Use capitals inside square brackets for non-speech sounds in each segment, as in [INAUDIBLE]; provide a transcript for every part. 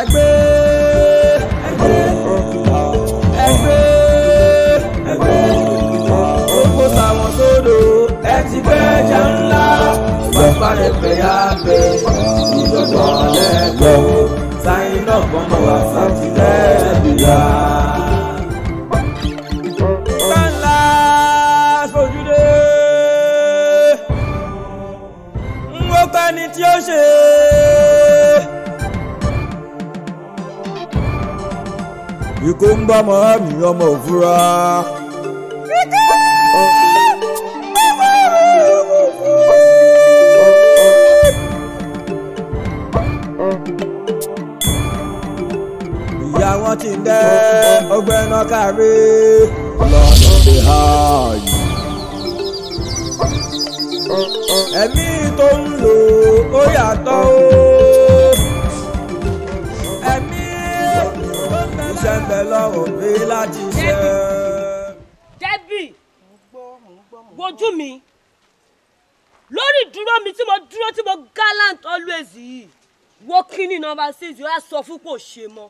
ẹgbẹ́ ẹgbẹ́ ẹgbẹ́ ẹgbẹ́ oko sàwọn sódò ẹ ti gbẹ́ ẹja ńlá pàpà rẹ̀ pẹ̀yà pẹ̀ ìjọ̀gbọ̀n lẹ́gbẹ̀ẹ́. èkó ń bá màámi ọmọ òfúra. ìyá wọn ti ń dẹ́ ọgbẹ́ náà kárí lọ́nà bí háàyè. ẹ̀mí tó ń lò ó yàtọ̀ o. dé láti ṣe. Debbie wojú mi lórí ìdúró mi tí mo dúró tí mo gallant always yìí wo kíní nọ́mbà six yóò sọ fún kò ṣe mọ́.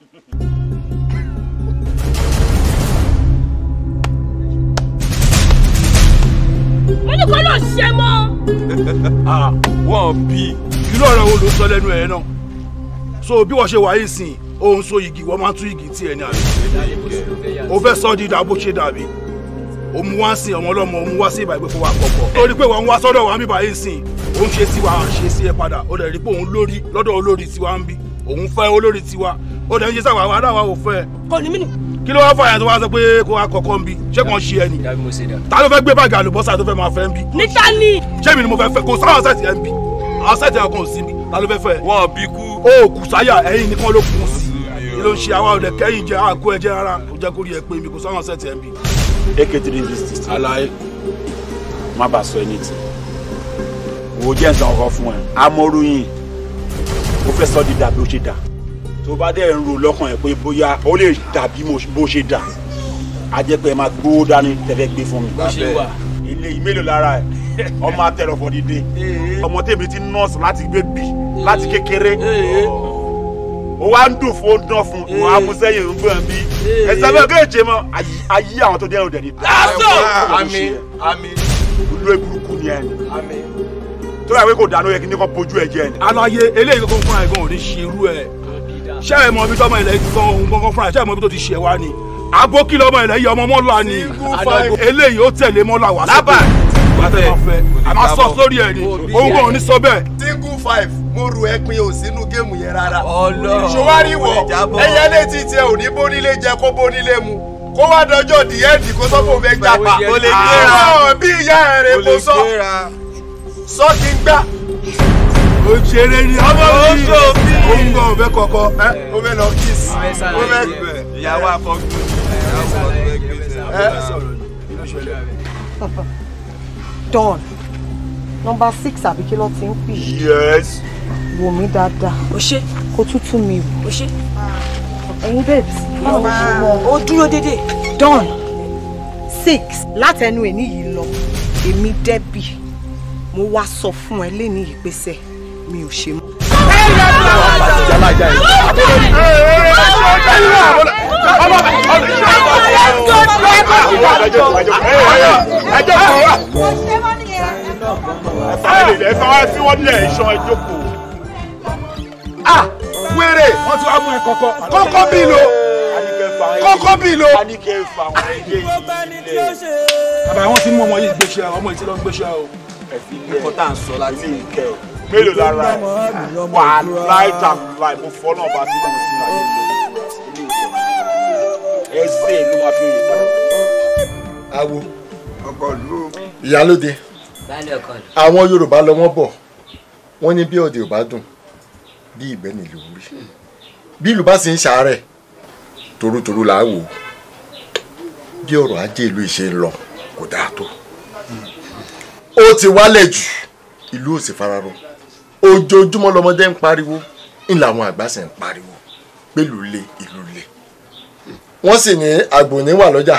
mo ní kó lọ ṣe mọ́. [LAUGHS] Ah, wọ́n bí irú ọ̀rọ̀ wo ló sọ lẹ́nu ẹ̀ náà so bí wọ́n ṣe wà yìí sìn òun so igi wọ́n máa tún igi tí ẹni àbí o fẹ́ sọ di ìdá bó ṣe dàbí o mú wá sí ọmọ ọlọ́mọ o mú wá sí ìbàgbé fún wa kọ̀ọ̀kọ̀ torí pé wọ́n ń wá sọ́dọ̀ wa ń bí báyìí sìn òun ṣe sí wa ṣe sí ẹ padà o dẹ̀ rí pé òun lórí lọ́dọ̀ olórí tiwa ń bí òun fẹ́ olórí tiwa ó dẹ̀ ń ṣe sáwà wàhálà wa ò fẹ́. kò ní mí nì. kí ló wá fọ àyàtọ̀ wa sọ pé kó wa kọ̀ọ̀kọ́ ń bi ṣé kàn ṣe ẹni. ta ló fẹ́ gbé báàgì àlùbọ́sà tó fẹ́ máa fẹ́ ń bi. níta ni. ṣé mi ni mo fẹ́ fẹ́ kò sáwọn sẹ́ẹ̀tì ẹ̀ ń bi àwọn sẹ́ẹ̀tì ẹ̀ kan ò sí mi ta ló fẹ́ fẹ́. wọn ò bí kú. ó kù sáyà ẹ̀yìn nìkan ló kù sí kí ló ń ṣe àwa ọ̀dẹ̀ kẹ́yìn jẹ́ àgó ẹ̀jẹ̀ rárá ó jẹ́ kó rí ẹ pé mi kò sáwọn sẹ́ẹ̀tì ẹ̀ ń bì. ak three district alaye má bàa sọ ẹni tì wò ó jẹ́ nǹkan ọkọ fún ẹ amóruyin ó fẹ́ sọ di dà bí ó ṣe dà tó bá dẹ̀ ń ro lọ́kàn ẹ̀ pé bóyá ó lè dà bí bó ṣe dà á jẹ́ pé ẹ máa gbówó dání tẹ́fẹ́ gbé fún mi. ilé ìmélòó lára ẹ ọmọ atẹrọfọ dìde ọmọ tèmi ti nọọsì láti gbé bí láti kékeré ó ń dùn fún dán fún wọn á mú sẹ́yìn ń gbọ́n bí ẹ̀sẹ̀ bẹ́ẹ̀ kéèjé mọ́ ayé àwọn tó dé ẹ̀rọ dẹ̀ni. dáṣọ ah, àmín àmín. olú eburúkú ni ẹ ní. tó yà wí kò dáná yẹ kí ní bójú ẹ jẹ ni. aláyé eléyìí kankan fúnra ẹ̀gbọ́n ò ní ṣe irú ṣé ẹ mọ ibi tí ọmọ ilẹ̀ ti gan ohun kankan fúnra ẹ̀ ṣé ẹ mọ ibi tó ti ṣe wá ni. abókí lọmọ ọmọ mọ́lá ni eléyìí ó tẹ̀lé mọ́lá ni òun kò ní sọ bẹ́ẹ̀. single gbóru ẹpin ò sínú géèmù yẹn rárá. ọlọ́run ṣọwárí wọ ẹyẹ létí tiẹ ò ní bónílé jẹ kó bónílé mu kó wá dọjọ́ díẹ̀dì kó sọ fún mi gbàgbà. o lè gbéra bí ìyá rẹ̀ kò sọ sọ kí n gbà ó ń ṣeré ní ọmọ mi ó ń gbọ́ ọ̀bẹ kọ̀ọ̀kọ̀ ẹ ó fẹ́ lọ kiss ó fẹ́ gbẹ. ìyàwó afọ́gbọ́n ìyàwó afọ́gbọ́n ẹ sọ̀rọ̀ ní ìlú ṣọlẹ̀. don Number six àbí kí ló ti ń pè. yes. wò mí dáadáa. o ṣe. kó tútù mi wò. o ṣe. ẹyin babes. báwo ni mo mọ. o dúró dédé. don six látẹnu ẹni yìí lọ èmi Débì mo wá sọ fún ẹ lẹ́ni ìgbésẹ̀ mi ò ṣe mọ́. Ẹjọ́ kan wà ẹ sọ wá sí wọn nílẹ̀ ìṣan ìjókòó. a wéré wọn ti wá mú ẹ kọkọ kọkọ bí lo kọkọ bí lo. bàbá wọn ti mú ọmọ yìí gbèsè àwọn ọmọ yìí ti lọ gbèsè o. ẹ̀kọ́ tá à ń sọ láti ìkẹ́ o. mélòó lára ẹ̀ wà á láì tàn láì mo fọ́ náà bá ti dùn sí láyé ẹsẹ̀ ló máa fi yìí padà. awo ọkọ ìlú. ìyálóde àwọn yorùbá lọ wọ́n bọ̀ wọ́n ní bí ọdẹ ò bá dùn bí ìgbẹ́ nílùú rí bí ìlú bá sì ń ṣàárẹ̀ torútorú là á wò bí ọrọ̀ ajé ìlú ìṣe ń lọ kò dáa tó ó ti wálẹ̀ jù ìlú ò sì fararọ ojoojúmọ́ lọmọdé ń pariwo ń làwọn àgbà sì ń pariwo pẹ̀lú ilé ìlú ilé wọ́n sì ní àgbòní wà lọ́jà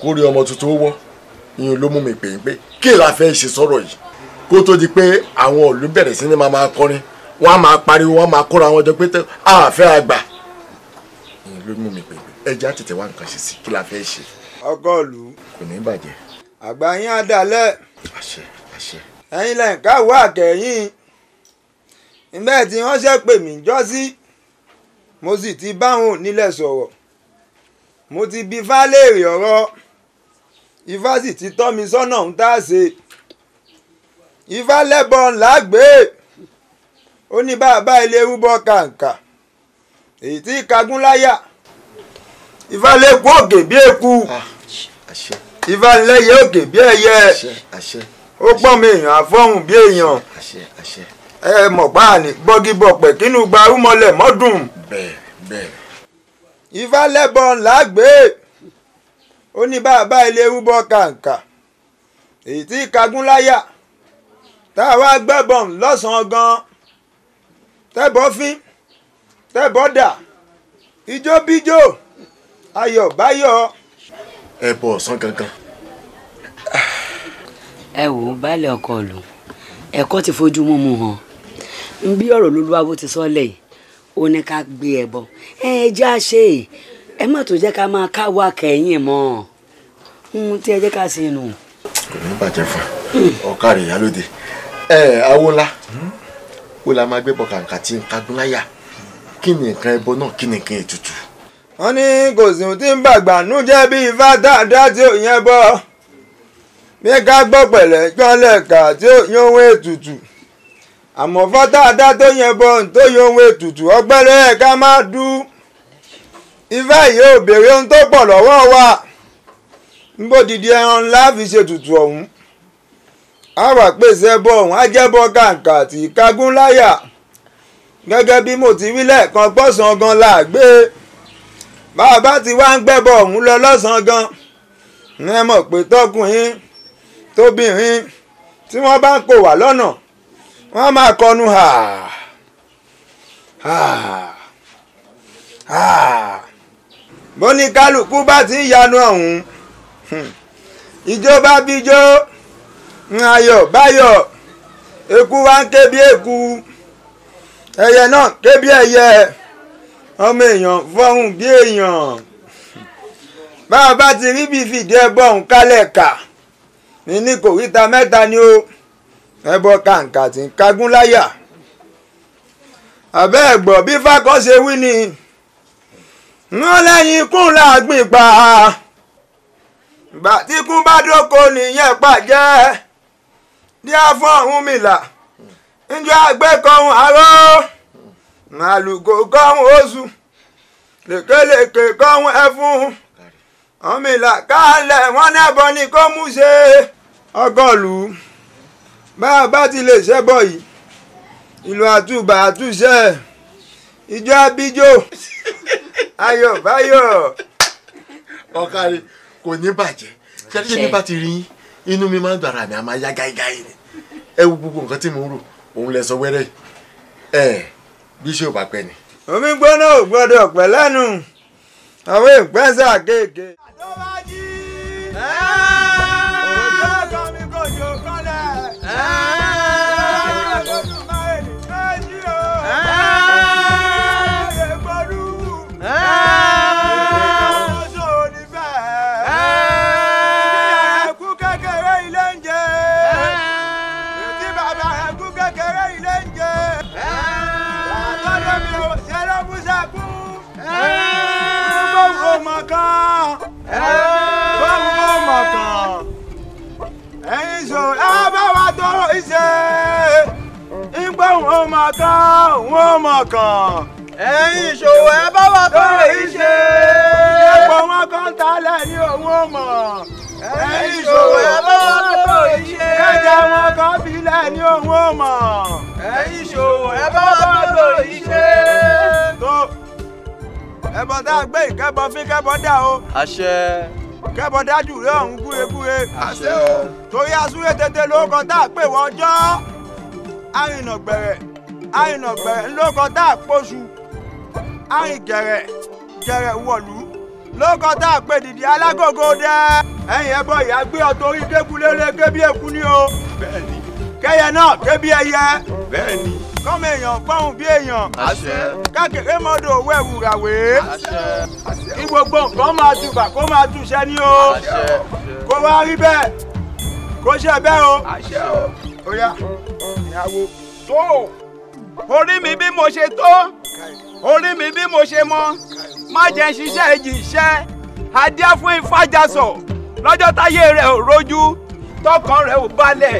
kórè ọmọ tuntun ó wọ́ ìyẹn ló mú mi pè é pé kí la fẹ́ ṣe sọ̀rọ̀ yìí kó tó di pé àwọn òòlù bẹ̀rẹ̀ sí ni máa máa kọrin wọ́n á máa pariwo wọ́n á máa kóra wọn jọ pé àfẹ́ àgbà ìyẹn ló mú mi pè é ẹjẹ́ àtètè wá nǹkan ṣe sí kí la fẹ́ ṣe. ọkọ ìlú kò ní bàjẹ́. àgbà yín á dalẹ̀. àṣẹ àṣẹ. ẹ̀yin lẹ́yìn káwọ́ àtẹ̀yìn ìbẹ́ẹ̀ tí wọ́n ṣe pè mí jọ́sí mo sì ti báwọn onílẹ̀ sọ̀rọ̀ mo ti bi fálẹ́rì ọ̀rọ̀ ifá sì ti tọ́ mi sọ́nà ń tá a ṣe ifá lẹ́bọn làgbé ó ní bàbá ilé rúbọ kàǹkà èyí tí kagún láyà ifá lẹ́kú òkè bí eku ifá lẹ́yẹ òkè bí ẹyẹ ó pọ́n mi èèyàn àfọ́hùn bí èèyàn ẹ mọ̀ bá a ní gbọ́gibọ̀pẹ̀ kínú gbarúmọlẹ̀ mọ́dún ifá lẹ́bọn làgbé ó ní bàbá ilé rúbọ kàǹkà èyí tí kagún láyà tá a wá gbẹ́bọ̀n lọ́sàn-án gan-an tẹ́bọ̀ fín tẹ́bọ̀ dà ijó bíjó ayọ̀ báyọ̀. ẹ bọ ọ̀sán kankan. ẹ wò ó baálẹ̀ ọkọ lò ẹ̀kọ́ ti fojú mú mu hàn bí ọ̀rọ̀ lóluwàbó ti sọ lẹ́yìn ó ní ká gbé ẹbọ ẹ jẹ́ àṣẹ ẹ má tó jẹ́ ká máa káwa kẹ̀yìn mọ́ ohun tí ẹ jẹ́ ká ṣe nù. kò ní bàjẹ́ fún ọ̀ká rẹ̀ ìyálóde ẹ awo ńlá wo la máa gbé bọ kàǹkà tí ń kagun láyà kí ni nǹkan ẹbọ náà kí ni nǹkan ètùtù. wọ́n ní kò sí ohun tí ń bàgbà nú jẹ́ bí ifá dáadáa tí ò yẹn bọ́ bí ká gbọ́ pẹ̀lẹ́ jọ́lẹ̀ kà tí ò yẹn ohun ètùtù àmọ́ fọ́ dáadáa tó yẹn bọ́ tó yẹn ohun ètùtù ọgbẹ́rẹ́ ká má dùn ifá yìí ò béèrè ohun tó pọ̀ lọ́wọ́ wa níbo dìde ẹran ńlá fi ṣètùtù ọ̀hún a wà pèsè ẹbọ ọ̀hún á jẹ́bọ kàǹkà àti ìkágún láyà gẹ́gẹ́ bí mo ti wí lẹ́ẹ̀kan gbọ́sàn gan la gbé bàbá tí wá ń gbẹ́bọ ọ̀hún lọ lọ́sàn gan ẹ mọ̀ pé tọkùnrin tóbìnrin tí wọ́n bá ń kó wà lọ́nà wọ́n máa kọnu hà Ah. Ah bó ní kálukú bá ti ń yanu ọ̀hún ìjó bá bíjó ayọ̀ báyọ̀ eku wá ń ké eku ẹyẹ náà ké bí ẹyẹ ọmọ èèyàn fọ́hùn bí èèyàn bá a bá ti rí bí fìdí ẹbọ ọ̀hún kálẹ̀ kà ní ní kòríta mẹ́ta ni ó ẹbọ kàǹkà tí ń kagún láyà àbẹ́ẹ̀gbọ́ bí fákọ́ ṣe wí ni wọ́n lẹ́yìn ikún làgbìn pa ìgbà tí ikún bá dóko nìyẹn pàjẹ́ ní afọ́ ọ̀hún mìlà njọ́ àgbẹ̀kọ̀hún aró màlúkò kọ́hún oṣù lèkèlèkè kọ́hún ẹfun ọ̀mìlà káàlẹ̀ wọ́n nẹ́bọ ni kó mú ṣe ọgọ́lù bá a bá ti lè ṣẹ́bọ̀ yìí ìlú àtúbà àtúnṣe ìjọ abijó ayọ̀ báyọ̀. ọ̀kárí kò ní bàjẹ́ ṣẹ́tíṣẹ́ ní bá ti rí inú mi máa ń dàrà mi a máa yá gáígáí ni ẹ wo gbogbo nǹkan tí mo rò òun lẹ sọ wẹ́rẹ́ ẹ bí ṣé ni. omi gbóná ò gbọ́dọ̀ pẹ́ lẹ́nu àwọn ìpẹ́sà kéèké. ó máa kán òun máa kàn. ẹ̀yin ìṣòwò ẹ bá wà tó èyí ṣe. ẹ̀pọ̀ wọn kan ta lẹ́yìn òun mọ̀. ẹ̀yin ìṣòwò ẹ bá wà tó èyí ṣe. ẹ̀jẹ̀ wọn kan fi lẹ́yìn òun mọ̀. ẹ̀yin ìṣòwò ẹ bá wà tó èyí ṣe. ẹbọ tá a gbé ìkẹ́bọ fín kẹ́bọ dà o. àṣẹ. kẹ́bọ dájú rẹ ọ̀hún kúrekúre. àṣẹ o. torí asúré tètè ló kọ tá a pè wọ́n jọ́ àrìnà gbẹ̀rẹ̀ àìnàgbẹ̀rẹ̀ ńlọ́kọ tá a pọ̀ṣù àìgẹ̀rẹ̀ gẹ̀rẹ̀ wọ̀lú lóko tá a pè dìde alágògò dẹ. ẹ̀yin ẹbọ ìyá gbé ọtọ orí kékulélé kébí èkú ni o. bẹ́ẹ̀ni. kẹyẹ náà kébí ẹyẹ. bẹ́ẹ̀ni kọ́mọ èèyàn fọ́hùn bí èèyàn. àṣẹ. kákeré mọ́dọ̀ owó ẹ̀wùràwé. àṣẹ. kí gbogbo nǹkan máa tùbà kó máa túṣẹ́ ní o. àṣẹ. kó wá rí bẹ́ẹ̀ kó ṣe bẹ́ẹ̀ o. àṣẹ o. ó yá ìyàwó tó orí mi bí mo ṣe tó orí mi bí mo ṣe mọ má jẹ́ ń ṣiṣẹ́ ìjì iṣẹ́ adíá fún ìfàjàsọ̀ lọ́jọ́ táyé rẹ̀ ò rojú tọkàn rẹ̀ ò balẹ̀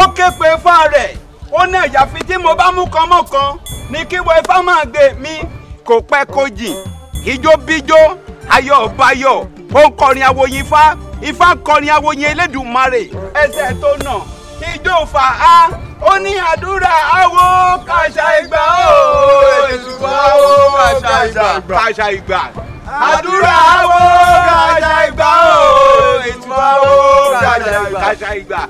ó ké pe ifá rẹ̀ ó ní ẹ̀yàfi tí mo bá mú kan mọ́ kan ní kíwọ ifá máa gbé mi kò pẹ́ kó jìn ijó bíjó ayọ̀ ọ̀bayọ̀ ó ń kọrin awoyin ifá ifá ń kọrin awoyin elédùnmarè ẹsẹ̀ tó nà ijó fà á ó ní àdúrà àwo kàṣà ìgbà ó ètùtù àwo kàṣà ìgbà àdúrà àwo kàṣà ìgbà ó ètùtù àwo kàṣà ìgbà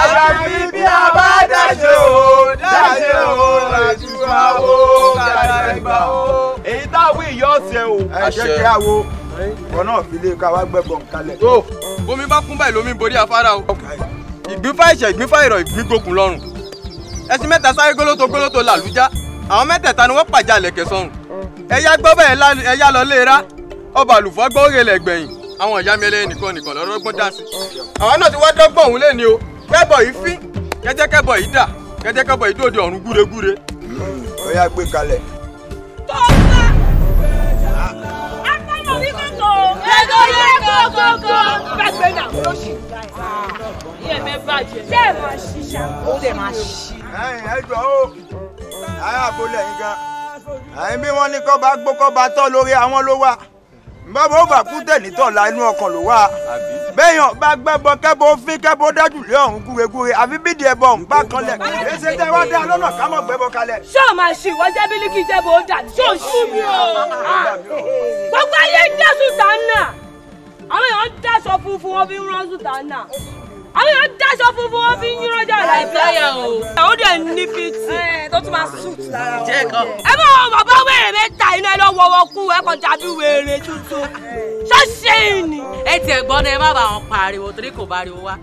àgbàbí bí a bá dáṣe o dáṣe o ètùtù àwo kàṣà ìgbà ó. èyí táwọn èèyàn ọ̀sẹ̀ o. ẹ jẹ́ kí a wo ọ̀nà òfìlè e ká wá gbẹ́bọ̀n kalẹ̀. omi bá kún báyìí lómi borí afárá o ìgbífá ìṣẹ̀ ìgbífá ìrọ̀ ìgbígokùn lọ́rùn ẹṣin mẹ́ta sáré gólótó gólótó làlújá àwọn mẹ́tẹ̀ẹ̀ta ni wọ́n pàjá lẹ̀kẹ̀ sọ̀rùn ẹ̀yà gbọ́ bẹ́ẹ̀ ẹ̀yà lọ léra ọba àlùfọ́ gbọ́ rẹlẹ̀ gbẹ̀yìn àwọn ìyá mi ẹlẹ́yìn nìkan nìkan lọ́rọ́gbọ́n dá sí. àwọn náà ti wá dọ́gbọ̀n òun lé ní o kẹ́bọ̀ yìí fín kẹ́jẹ́kẹ́bọ̀ yìí dà kẹ́jẹ́kẹ́bọ̀ yìí dòde ọ̀run gúregúre. ó yá gbé kalẹ̀. gógógó fẹ́gbẹ́ ní àwọn olóṣì yẹ mẹ bàjẹ́ ṣé ẹ máa ṣí ṣá ó lè máa ṣí. ẹ̀yin ẹ jọ ó ara àbólẹ̀ yín gan ẹ̀yin bí wọ́n ní kọ́ bá gbó kọ́ bá tọ́ lórí àwọn ló wà bàbá ó bà kú tẹ̀lé tọ̀la inú ọkàn ló wà bẹ́yàn bá gbẹ́bọ kẹ́bọ fín kẹ́bọ dájú lé ọ̀hún gúregúre àfi bídìí ẹbọ ọ̀hún bá kanlẹ̀ kí ṣe tẹ́ wá dá lọ́nà ká mọ̀ gbẹ́bọ kalẹ̀. ṣé o máa ṣe ìwọ jẹ́ bílíkì jẹ́bọ ó dà ṣé o ṣú mi o ah. gbogbo ayé jésù tán náà àwọn èèyàn dáṣọ funfun wọn fi ń rán sùtánà àwọn èèyàn dáṣọ funfun wọn fi ń yúrọ jà láìpẹ́ ó dẹ̀ ní fìtì. tó tún máa sùt lára wọn. ẹ bá wọn bàbá wèrè mẹ́ta iná ẹ lọ wọwọ kú ẹ kàn tàbí wèrè tuntun ṣọ́ọ̀ṣì ni. ẹ tiẹ̀ gbọ́ ni ẹ má bàa wọn pariwo torí kò bariwo wá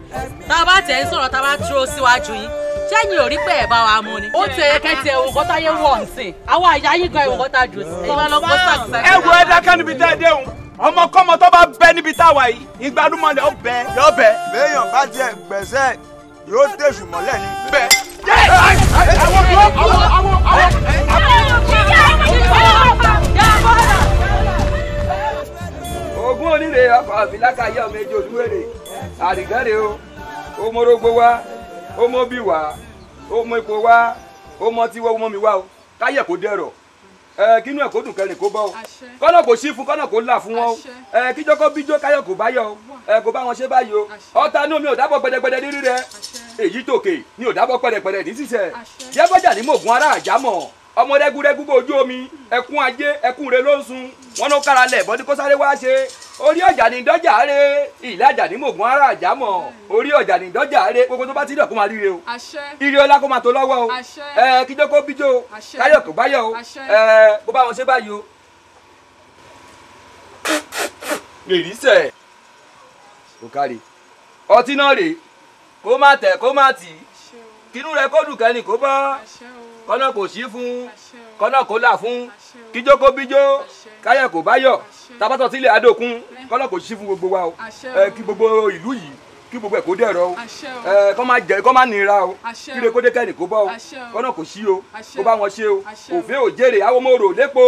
tá a bá tẹ̀ ń sọ̀rọ̀ tá a bá dúró síwájú yín sẹ́yìn ò rí pé ẹ̀ bá wa mú ni. ó ti ẹ̀yẹ kẹ́tì ẹ̀wò kọ́ táyé wọ̀ ǹsìn. àwọn àyà yín kan ẹ̀wò kọ́ tá a dùn sí. ẹ wo ẹ dákẹ́ níbi tẹ́ ẹ dé òun ọmọkọ́mọ tó bá bẹ níbi táwa yìí ìgbàdúmọlẹ ó bẹ. yóò bẹ. béèyàn bá tiẹ̀ gbẹ̀sẹ̀ yóò tẹ̀sù mọ́lẹ̀ ní. bẹ. ogun oníre ọkọ àbíláka yẹ ọmọ ejò olúwèrè àrìgẹ́rẹ́ o ọmọ orógbó wa ọmọ bí wa ọmọ ipò wa ọmọ tiwọ́ ọmọ mi wa o káyẹ̀ kó dẹ̀rọ̀. Eh, kínú ẹ̀ kó dùn kẹrin kó bọ́ o kọ́nà kò sí fún kọ́nà kó là fún wọn o eh, kíjọ́ kó bíjó káyọ̀ kó bá yọ o eh, kó bá wọn ṣe báyìí o ọ̀tá inú mi ò gbẹdẹgbẹdẹ rírí èyí tòkè ni ò dábọ̀ pẹ̀rẹ̀pẹ̀rẹ̀ ní sísẹ̀ yẹ́bọ̀jà ní mògùn ara àjámọ̀ ọmọ bójú omi ẹkún ajé ẹkún rẹ ló ń sun wọn ló kára lẹ bọdí kó sáré wá ṣe orí ọjà ní dọjà rẹ ìlà ọjà ní mògùn ara àjà mọ orí ọjà ní dọjà rẹ gbogbo tó bá ti dọ̀ kó máa ríre o ire ọlá kó máa tó lọ́wọ́ o ẹ kíjọ kó bíjó káyọ̀ kó báyọ̀ o ẹ bó bá wọn ṣe báyìí o. rèrísẹ̀ kò kárí ọtí náà rèé kó má tẹ̀ kó má tì kínú rẹ kó dùn kẹ́ni kó bá kọ́nà kò sí fún kọ́nà kò là fún kíjó kó bíjó káyọ̀ kò báyọ̀ tabatọ̀ sílẹ̀ adókun kọ́nà kò sí fún gbogbo wa o kí gbogbo ìlú yìí kí gbogbo ẹ̀ kó o kọ́ máa jẹ kọ́ máa nira o kí lè kó dé kẹ́ni kó bọ́ o kọ́nà kò sí o kó bá wọn ṣe o òfé òjèrè awomoro lépo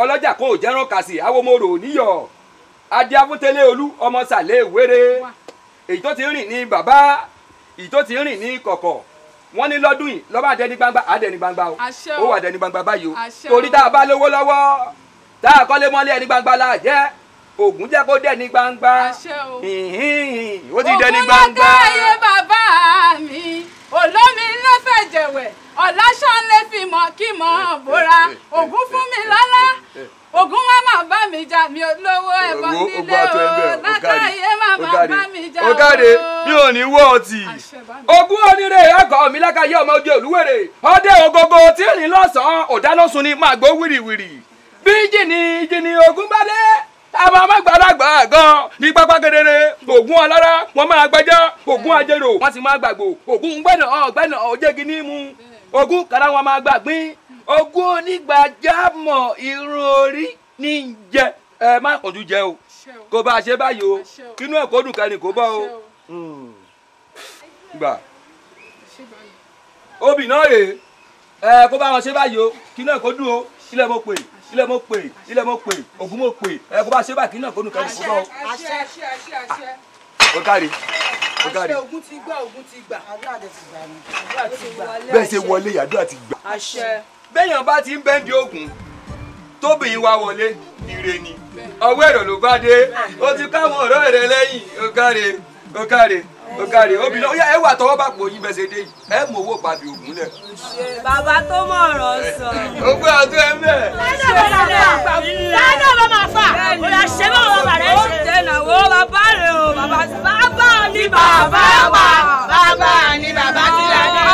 ọlọ́jà kó òjẹ́rán kàsì awomoro níyọ̀ adiabutele olú ọmọ sàlẹ̀ wéré èyí tó ti rìn ní bàbá èyí tó ti rìn ní kọ̀kọ̀ wọ́n ní lọ́dún yìí lọ́ba àdẹni gbangba àdẹni gbangba o ó wà àdẹni gbangba báyìí o torí tá a bá lówó lọ́wọ́ tá a kọ́lé mọ́lé ẹni gbangba la jẹ́ ògùn jẹ́ kó dẹni gbangba ó ti dẹni gbangba. ògùn ló ayé bàbá mi. olómi ńlá fẹ̀jẹ̀wẹ̀ ọ̀làṣánlé fi mọ̀ kí mọ̀ ọ́n eh, eh, bóra eh, ògún fún mi lọ́lá ògún má má bá mi jà mí olówó ẹ̀bọ nílé o má má ba mi ja o. ọ̀gáde mi ò ní wọ́ ọtí ogún onírè mi lákàyé ọmọ ojú olúwèrè ọdẹ ògógó tí ì lọ́sàn-án ọ̀dálọ́sùn ni màgbó wìrìwìrì bí jìnnì jìnnì bá dé. àmọ́ àmàgbàlagbà gan ní pápá kedere ògún ọlára wọn máa gbẹjọ́ ògún ajérò wọn sì máa gbàgbó ògún gbẹ̀nà ọ̀gbẹ̀nà òjègi ní mu ògún kàrà wọn máa gbàgbín ògún onígbàjámọ̀ irun orí ní jẹ ẹ má kọjú jẹ o kò bá a ṣe báyìí o kínú ẹ kó dùn kẹni kó bọ o gbà obì náà rèé ẹ kó bá wọn ṣe báyìí o kínú ẹ kó dùn o ilé mo pè é ilé mo pè ilé mo pè ògùn mo pè ẹ kó bá ṣe báyìí kí náà kó nù kẹ́lẹ́ kó bọ́ o kari, o kárí. Ogun ti gbà ogun ti gbà àdúrà ti gbà ni àdúrà ti gbà. bẹ́ẹ̀ ṣe wọlé àdúrà ti gbà. béèyàn bá ti ń bẹ́ǹdì ògùn tóbìnrin wa wọlé ire ni ọwọ́ ẹ̀rọ ló bá dé ó ti káwọn ọ̀rọ̀ rẹ lẹ́yìn o kari, o kari ó kárí obìnrin ọyá ẹwà tọwọ́ bá pò yí bẹsẹ dé yìí ẹ mọ owó pàbí ògùn lẹ. bàbá tó mọ ọ̀rọ̀ sọ. ó gbé ọdún ẹ mẹ. lẹ́nà ló máa fà bóyá ṣe bá wọn bàrẹ ṣe. ó tẹ̀nà wo bàbá rẹ o bàbá bàbá ni bàbá wa bàbá ni bàbá ti là ní.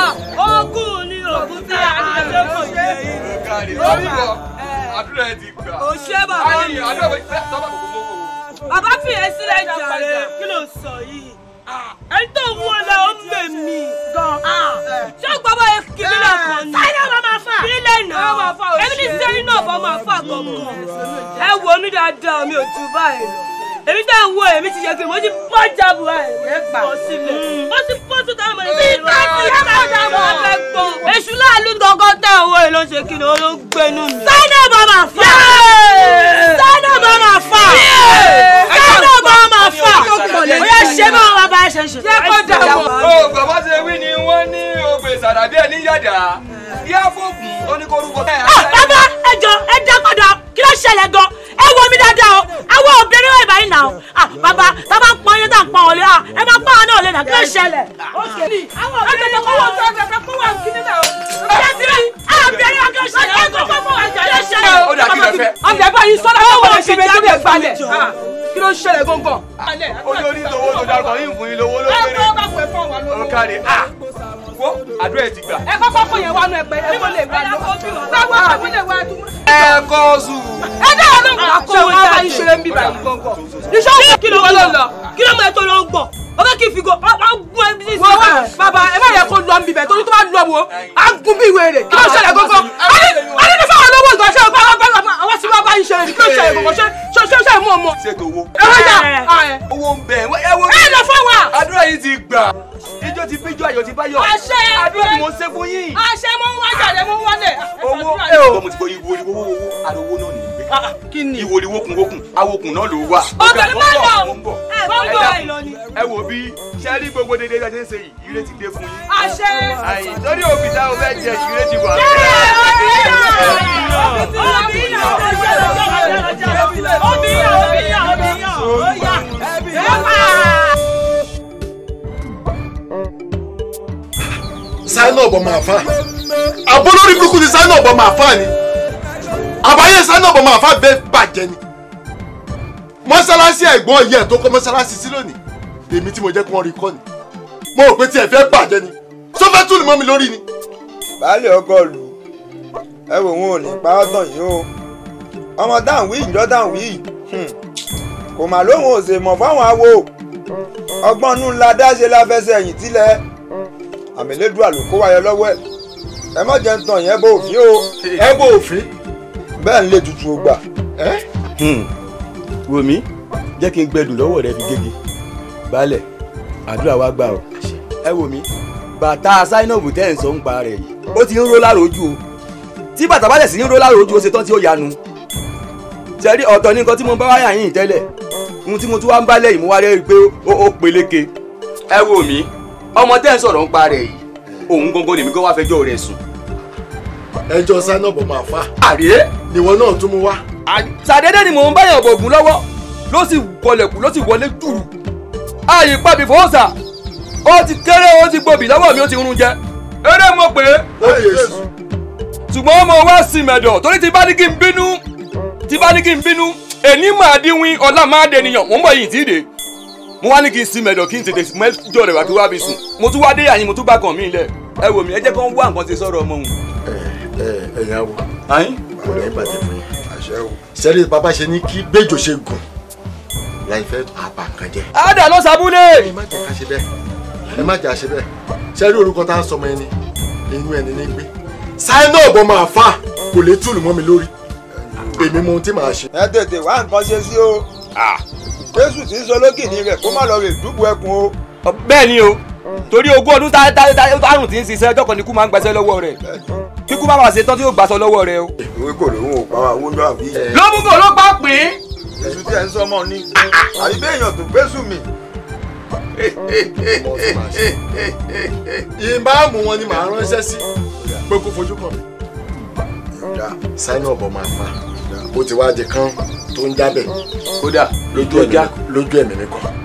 ogún ni ògùn tí a ní lọ́kọ̀ yìí. ó kárí ó bọ̀ àdúrà ẹ ti gbà. ó ṣe bàbá mi. bàbá fìyè sílẹ̀ jàre kí ló sọ yìí ẹni tó wú ọlẹ ó mè mí gan ah. ṣé gbọ́dọ̀ yẹ kiri náà kàn ní. sáyẹn ọba máa fà. kílẹ̀ náà ọba máa fà òṣèré. èmi ní sẹ́yìn náà ọba máa fà gangan. ẹ wo mi dáadáa mi ò tu báyìí lọ. èmi tá à ń wo èmi ti yẹ kí mo ti bọ́ jábọ̀ ẹ̀ bọ́ sílẹ̀. ó hmm. ti bọ́ tó táwọn ọmọdé ti rọ ọ́ èṣù láàlú gangan tẹ owó ẹ ló ṣe kí ni ó ló gbénu tó kù mọ̀lẹ́. ó yà ṣe mọ́ wọn bá ṣe ṣe. jẹ́ kó dà wọ́. o bàbá ṣe wí ni wọ́n ní ògbè sàràbí ẹ̀ ní yàdá yá fóògùn ó ní korúkọ. Ah, bàbá ẹ jọ ẹ dá padà kí ló ṣẹlẹ̀ gan ẹ wo mi dáadáa o àwọn obìnrin wà ìbáyìí nà o ah, bàbá tábà ń pọn yín tá à ń pọn òlé ah, ẹ máa pọn àwọn náà òlé nà kí ló ṣẹlẹ̀. àwọn obìnrin kò wọ́n sọ ọ̀dọ̀ kó wà kíní náà. ṣé ti rí àwọn obìnrin wa kí ló ṣẹlẹ̀ ẹ kọ́kọ́ mọ̀ wá kí ló ṣẹlẹ̀. ó dà kí lè fẹ́. ọ̀dẹ̀ báyìí sọ́dọ̀ kó wọ́n ṣe ti á olórí lówó tó darúgbó yín fún yín lówó lórí rẹ ó kárí a wo àdúrà ẹ ti gbà. ẹ kọ́kọ́ kó yẹn wánú ẹgbẹ́ ẹ mo lè gbà lọ báwo ṣe mo lè wá dúró. ẹ kọ́ sù. ẹ dáhà ló ń kọ́ ṣé wọ́n á ìṣeré ń bíbá yìí gbọ̀ngàn. iṣẹ́ kí ló wọ́n lọ kí ló mọ̀ ẹ́ tó ló ń gbọ̀ o bẹ kí fi go a gun ẹ bí sísè wa baba ẹ bá yẹ kó lọ nbibẹ torí tó bá lọ wo a gun bí wèrè kí ló ṣẹlẹ̀ gbogbo ale ale ní fáwọn olówó ìgbà ṣe o bá wà bá wà sí wà bá ń ṣẹlẹ̀ kí ló ṣẹlẹ̀ gbogbo ṣe mú ọmọ. ṣètò owó. ẹ wọ́n jà. Ah, owó ń bẹ̀ ẹ wo. ẹ lọ fún wa. àdúrà yìí ti gbà. ijó ti bíjó ayọ̀ ti báyọ̀. àṣẹ àdúrà ni mo ṣe fún yín. àṣẹ mo ń wájà rẹ mo ń wálẹ̀. owó ẹ o. mo ti gbọ́ ìwo ìwo owó ariwo náà nìyí. Ah, ah, kí ni. ìwo ìwo kun okun awokun náà ló wà. ọ̀gbẹ́ni má lọ ẹ wò bí sẹ́rí gbogbo dédé ẹjọ́ ń ṣe yìí ìrètí dé fún yín. àṣẹ. àyè lórí òbí tá o fẹ́ jẹ ìrètí wà obìyàn obìyàn obìyàn ó yà ẹ̀fà. Zainab ọmọ àfa àbólórí burúkú ni Zainab ọmọ àfa ni àbáyé Zainab ọmọ àfa bẹ́ẹ̀ bàjẹ́ ni mọ́sálásí ẹ̀gbọ́n yẹ tó kọ́ mọ́sálásí sí lónìí èmi tí mo jẹ́ kí wọ́n rí kọ́ ni mo rò pé tí ẹ fẹ́ bàjẹ́ ni tó fẹ́ tún lè mọ́ mi lórí ni. baálé ọkọ lù ẹ wò wọn ò ní pa ọ́ tàn yín o ọmọ dáhùn wí ìjọ dáhùn wí hmm. kò mà lóhùn òsè mọ̀ fáwọn awo ọgbọ́n nù ńlá dáṣe la fẹsẹ̀ ẹ̀yìn tilẹ̀ àmìlédùà ló kó wáyọ lọ́wọ́ ẹ̀ ẹ má jẹ́ ń tan yẹn bó òfin o. ẹ bó òfin. bẹ́ẹ̀ ń lè tutù o gbà. Hmm. wò mí jẹ́ kí n gbẹdùn lọ́wọ́ rẹ fi gègé balẹ̀ àdúrà wa gbà o. ẹ wò mí bàtà sáínọ̀bù tẹ́ ẹ̀ ń sọ ń pa rẹ̀ yìí ó ti ń ró lárojú o tí bàtà bá lẹ̀ sí ń ró lárojú o ṣe tán tí ó yanu ṣe rí ọ̀tọ̀ ní nǹkan tí mo bá wáyà yín tẹ́lẹ̀ ohun tí mo tún wá ń bálẹ̀ yìí mo wá rẹ́ rí i pé ó peléke. ẹ wo mi ọmọ tẹ́ ń sọ̀rọ̀ ń pa rẹ̀ yìí òun gangan lèmi gan wá fẹjọ́ rẹ̀ sùn. ẹjọ́ sanab máa fa. àríyé. nìwọ náà tún mú wá. ṣàdédé ni mò ń báyọ̀ bọ̀gùn lọ́wọ́ ló sì wọlẹ̀kùn ló sì wọlé dùrù. ààyè pàbí fọ́ọ̀sà ó ti kéré ó ti gbòbí lọ́wọ́ mi ó ti run jẹ. eré mo pè é. ṣùgbọ́n mo wá sí mẹ́dọ̀ torí ti bá ní kí n bínú tí bá ní kí n bínú èní máa dín wín ọ̀la máa dé nìyàn wọ́n bọ̀ yìí tí ì dé mo wá ní kí n sin mẹ̀dọ̀ kí n tètè mẹ́jọ rẹ̀ wá kí wá fi sùn mo tún wá dé àyìn mo tún bá kàn mí lẹ̀ ẹ wò mí ẹ jẹ́ kí wọ́n wá nǹkan ti sọ̀rọ̀ ọmọ òun. ẹ ẹ ẹ̀yin awo kò ní bàjẹ́ fún yín sẹ́rí bàbá ṣe ní kí bẹ́jọ ṣe gùn láì fẹ́ àbàkan jẹ. á lọ sábúlé. ẹ má jà ṣe bẹ́ẹ̀ ẹ orúkọ tá a sọmọ ẹni inú ẹni ní gbé. sáínà ọ̀bọ̀n máa fà kò lè túlù mọ́ mi lórí èmi mọ ohun tí màá ṣe. ẹ tètè wá nǹkan ṣe sí o jésù tí ń sọ lókìní rẹ kó má lọ rè dúpọ̀ ẹkùn o. bẹ́ẹ̀ ni o mm. torí ogún ọdún tárùn tí ń ṣiṣẹ́ ọjọ́ kan ni kú máa ń gbàṣẹ́ lọ́wọ́ rẹ̀ kíkú bá wà ṣe tán tí yóò gbàṣọ lọ́wọ́ rẹ̀ o. ìwé kò lóhùn ò pa owó náà bí. lóbùkọ̀ ló pa pé. èṣù tí ẹ ń sọmọ ni àbí bẹ́ẹ̀ èèyàn tó gbésù mi. ìmáàmù wọn ni màá ránṣẹ́ sí pé kó fojú kàn mí. sáínù ọ̀bọ̀ máa pa ó ti wá di kán tó ń jábẹ̀ kódà lójú ẹ̀mí mi kọ́.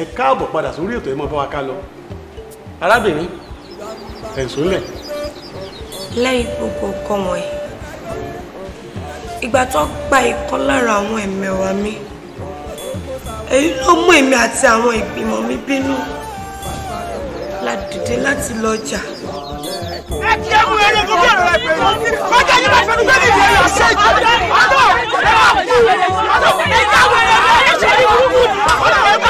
ẹ káàbọ̀ padà sórí ètò ẹ mọ́ bá wa ká lọ arábìnrin ẹ̀sùn lẹ̀. lẹ́yìn gbogbo nǹkan wọ̀nyí ìgbà tó gba ìkan lára àwọn ẹ̀mẹ̀wà mi èyí ló mú èmi àti àwọn ìgbìmọ̀ mi bínú la láti lọ jà. ẹ ti ẹ mú ẹni gbogbo ẹ̀rọ ẹ pé kọjá yìí máa fẹnu bẹ́ẹ̀ ni ìyá ṣe jù ọdọ ẹ máa kú ọdọ ẹ jáwé ẹ ṣe ìwúrú ọdọ ẹ máa.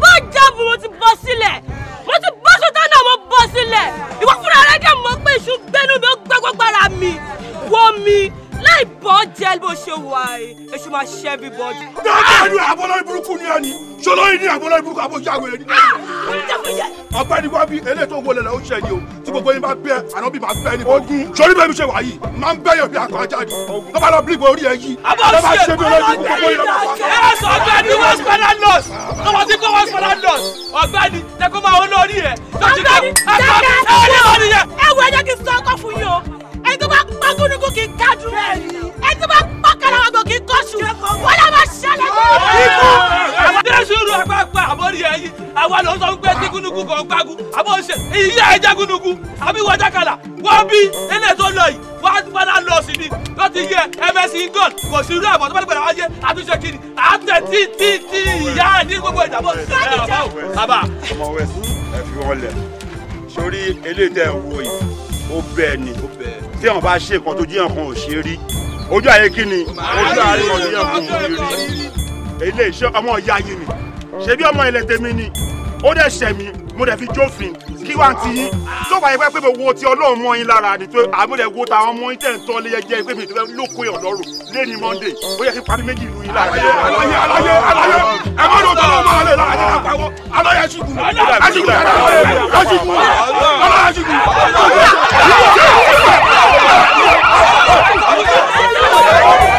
bá jáàbù mo ti bọ́ sílẹ̀ mo ti bọ́ sọ́tà náà mo bọ́ sílẹ̀ ìwọ fúnra rẹ dẹ̀ mọ̀ pé iṣu gbẹ́nu mi ó gbẹ́ gbọ́gbára mi wọ́ mi láì bọ́ jẹ́ bó ṣe wà ẹ́ èṣù máa ṣẹ́ bí bọ́jú. dáadáa ni àbọ̀lọ́ ìburúkú ni ẹni ṣọlọ́ yìí ni àbọ̀lọ́ ìburúkú àbójú àwẹ̀rẹ̀ ni. ọ̀gbẹ́ni wá bí eléyìí tó wọlé lọ ó ṣe ni o tí gbogbo yín bá bẹ àná bí máa bẹ ni. ogun sori bẹ́ẹ̀ mi ṣe wà yìí máa ń bẹ́yọ̀ bí akọ ajá ni. tó bá lọ bí ìgbà orí ẹ yí. ọ̀gbẹ́ni jẹ́ ẹni tó bá pọ́ gúnugún kì í kádùn ẹni tó bá pọ́ kàlàwàgbọ̀ kì í kọ́sù wọ́n lọ́ máa ṣẹlẹ̀ tó ikú. àdéṣùrù àgbààgbà àbórí ẹyin àwa ló sọ pé kí gúnugún kan gbágun àbó ṣe ìyá ẹ jẹ gúnugún àbí wọ́n jákàlà wọ́n bí ilé tó lọ yìí wọ́n wọ́n náà lọ sí ni ló ti yẹ msc e gold kò sí irú àbọ̀ tó bá dé pẹ̀lú àwọn ayé àtúnṣe kiri àtẹ tí tí tí ìyá ní gbogbo ìdàbọ̀ sílẹ̀ àbá o àbá. ọmọ wẹ̀sùn ẹ fi wọn lẹ̀ sórí eléyìí tẹ̀ ń wo yìí ó bẹ́ẹ̀ ni ó bẹ́ẹ̀ tí wọn bá ṣe nǹkan tó jí nǹkan ò ṣe rí ojú ayé kí ni ojú ayé kan tó jí nǹkan ò ṣe rí ilé iṣẹ́ ọmọ ìyá yìí ni ṣebí ọmọ ilẹ̀ tèmi ni ó dẹ̀ ṣẹ̀ mo dẹ̀ fi jófin kí wá ti yín tó wáyé pé mo wo ti ọlọ́run mọ́ yín lára ni tó àmúlẹ̀ wo ta àwọn ọmọ yín tẹ̀ ń tọ́ lé ẹjẹ́ pé mi tó fẹ́ lóko yàn lọ́rùn lẹ́ni monday ó yẹ kí parí méjì ìlú yín lára. alaye alaye alaye alaye ẹ má lọ tọ́lọ́ ọmọ alẹ́ lára yẹn pa alaye aṣígun aṣígun alaye aṣígun alaye aṣígun. Oh!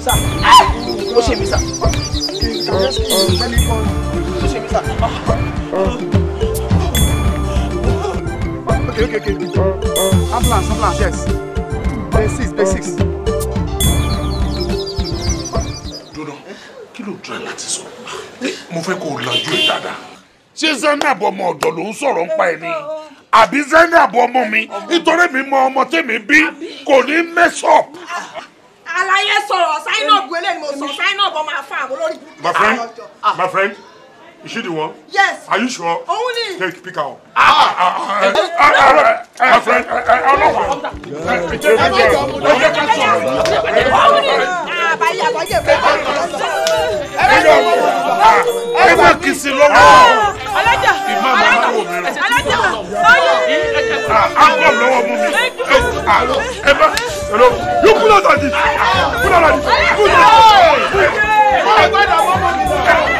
sà ó okay okay okay ambulance ambulance yes basics basics. dúró kí ló dúró láti sọ mo fẹ́ kó o lajú ẹ̀ dáadáa ṣé Zainab ọmọ ọ̀dọ̀ ló ń sọ̀rọ̀ ń pa ẹ̀ ni àbí Zainab ọmọ mi nítorí mi mọ ọmọ tèmi bí kò ní mess up alaye sọ̀rọ̀ sign up gbélé ni mo sọ sign up ọmọ afa àbólórí. my friend ah. my friend. Is she the one? Yes. Are you sure? Only. Take pick out. Ah Ah! ah ah friend, I don't know. Take her up. Take ah ah ah ah ah kì sí lọ́wọ́. Alájà alájà alájà lọ́yọ̀. Akọ̀ lọ́wọ́ mú mi. Ẹ má yóò kúlọ̀ dàdí. Kúlọ̀ dàdí. Kúlọ̀ dàdí. Kúlọ̀ dàdí.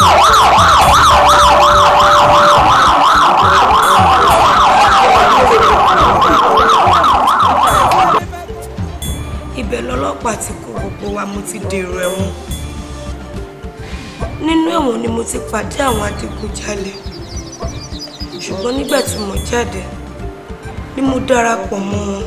ọlọ́pàá ti kó gbogbo wa mo ti dèrò ẹ̀wọ̀n nínú ẹ̀wọ̀n ni mo ti pàdé àwọn adigunjalè ṣùgbọ́n nígbà tí mo jáde ni mo darapọ̀ mọ́ wọn.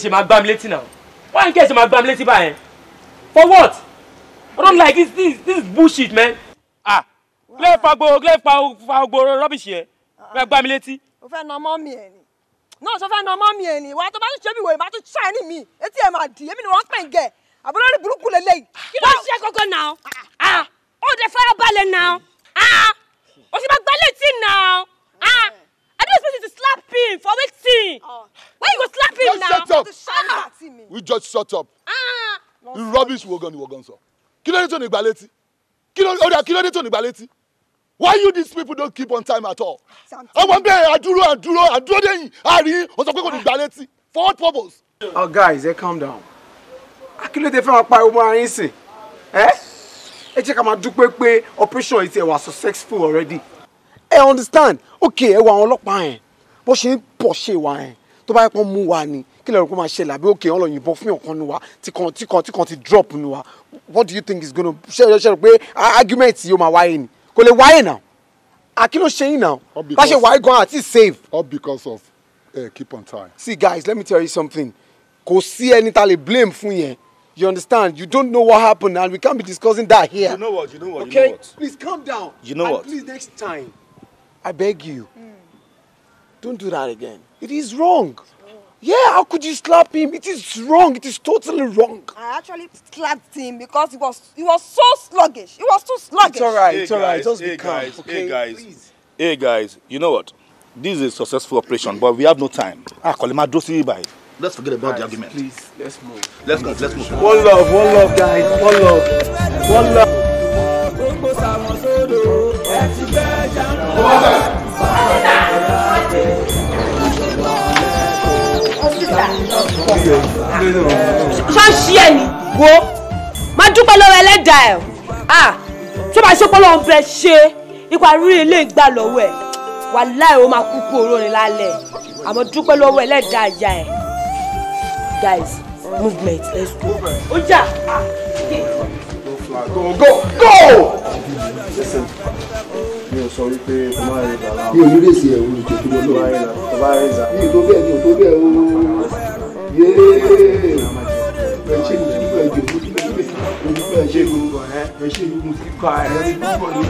ṣe máa gbá mi létí náà why n kẹ́ ṣe máa gbá mi létí báyẹn for what i don't like this this this is bullshit man. ah lè fa gbòòrò lè fa gbòòrò rọ́bìṣì ẹ̀ fẹ́ gbá mi létí. o fẹ́ na ọmọ mi ẹ̀ ni náà sọ fẹ́ na ọmọ mi ẹ̀ ni wàá tó bá tún ṣe bí wòye máa tún ṣáà ní mi etí ẹ̀ máa dì èmi ni wọ́n pẹ̀ ń gẹ̀ àbúrò rí burúkú lélẹ́yìí. kí ló ń ṣe kókó náà ah ó dé farabalẹ̀ náà ah òṣìbàgbà létí náà ah do you expect me to slap him for wetin? Uh, Why you go slap him now? Shut up! Ah. We just shut up. Ah. Rubbish wogan wogan sọ. Kí ló dé tó Kill ìgbà létí? Kí ló dé kí ló dé tó ní Why you these people don't keep on time at all? Àwọn bẹ́ẹ̀ àdúró àdúró àdúró dẹ́yìn àárín ọ̀sán What's up with the létí for what purpose? Oh guys, eh, calm down. Akílódé ah, fẹ́ máa pariwo mọ́ arín sìn. Eh? Ẹ jẹ́ ká máa dúpẹ́ pé operation yìí ti ẹ̀ wà successful already ẹ understand Okay, ẹ wọ àwọn ọlọ́pàá yẹn bó ṣe ń pọ̀ ṣe wa yẹn tó bá yẹ kó mú wa ni kí lẹ́rù kó máa ṣẹlẹ̀ àbí ok wọ́n lọ yìnbọn fún ọ̀kan nu wa tí kan tí kan tí kan ti drop nu wa what do you think is gonna ṣe ṣe ṣe pé argument yìí ó máa wáyé ni kò lè wáyé náà àkínú ṣe yín náà bá ṣe wáyé gan àti save. all because of uh, keep on time. see guys let me tell you something kò sí ẹni tá lè blame fún yẹn you understand you don't know what happened and we can't be discussing that here. you know what you know what okay? you know what. okay please calm down. you know and what please next time. I beg you, hmm. don't do that again. It is wrong. Yeah, how could you slap him? It is wrong. It is totally wrong. I actually slapped him because he was he was so sluggish. He was too sluggish. It's all right. Hey it's guys, Just hey be calm. Guys, okay? Hey guys. Please. Hey guys. You know what? This is a successful operation, but we have no time. Ah, Kolima Dosi by. Let's forget about guys, the argument. Please, let's move. Let's go. Let's move. One love. One love, guys. One love. One love ṣọ́ọ̀ṣì ẹ̀ ni wo má dúpẹ́ lọ́wọ́ ẹlẹ́dàá ẹ̀ ah tó bá ṣe pọ́ lọ́wọ́ bẹ ṣe ipa rírí ilé ìgbà lọ́wọ́ ẹ̀ wàláhì ó máa kú kú oró ni lálẹ́ àmọ́ dúpẹ́ lọ́wọ́ ẹlẹ́dàá ìyá ẹ̀ guys movement let's go. ó jà flag go go go. mi ò sọ wípé o máa rí ìgbà láàbù. mi ò ní lè ṣe ẹ̀rù ìjọ tó lọ lọ́wọ́. o bá rí ìgbà. mi ò tó bẹ́ẹ̀ mi ò tó bẹ́ẹ̀ o. yéé ẹ ṣe mi kí ẹ jò fún mi ẹ ṣe mi ẹ ṣe mi mo ti ka ẹ ẹ ṣe mi.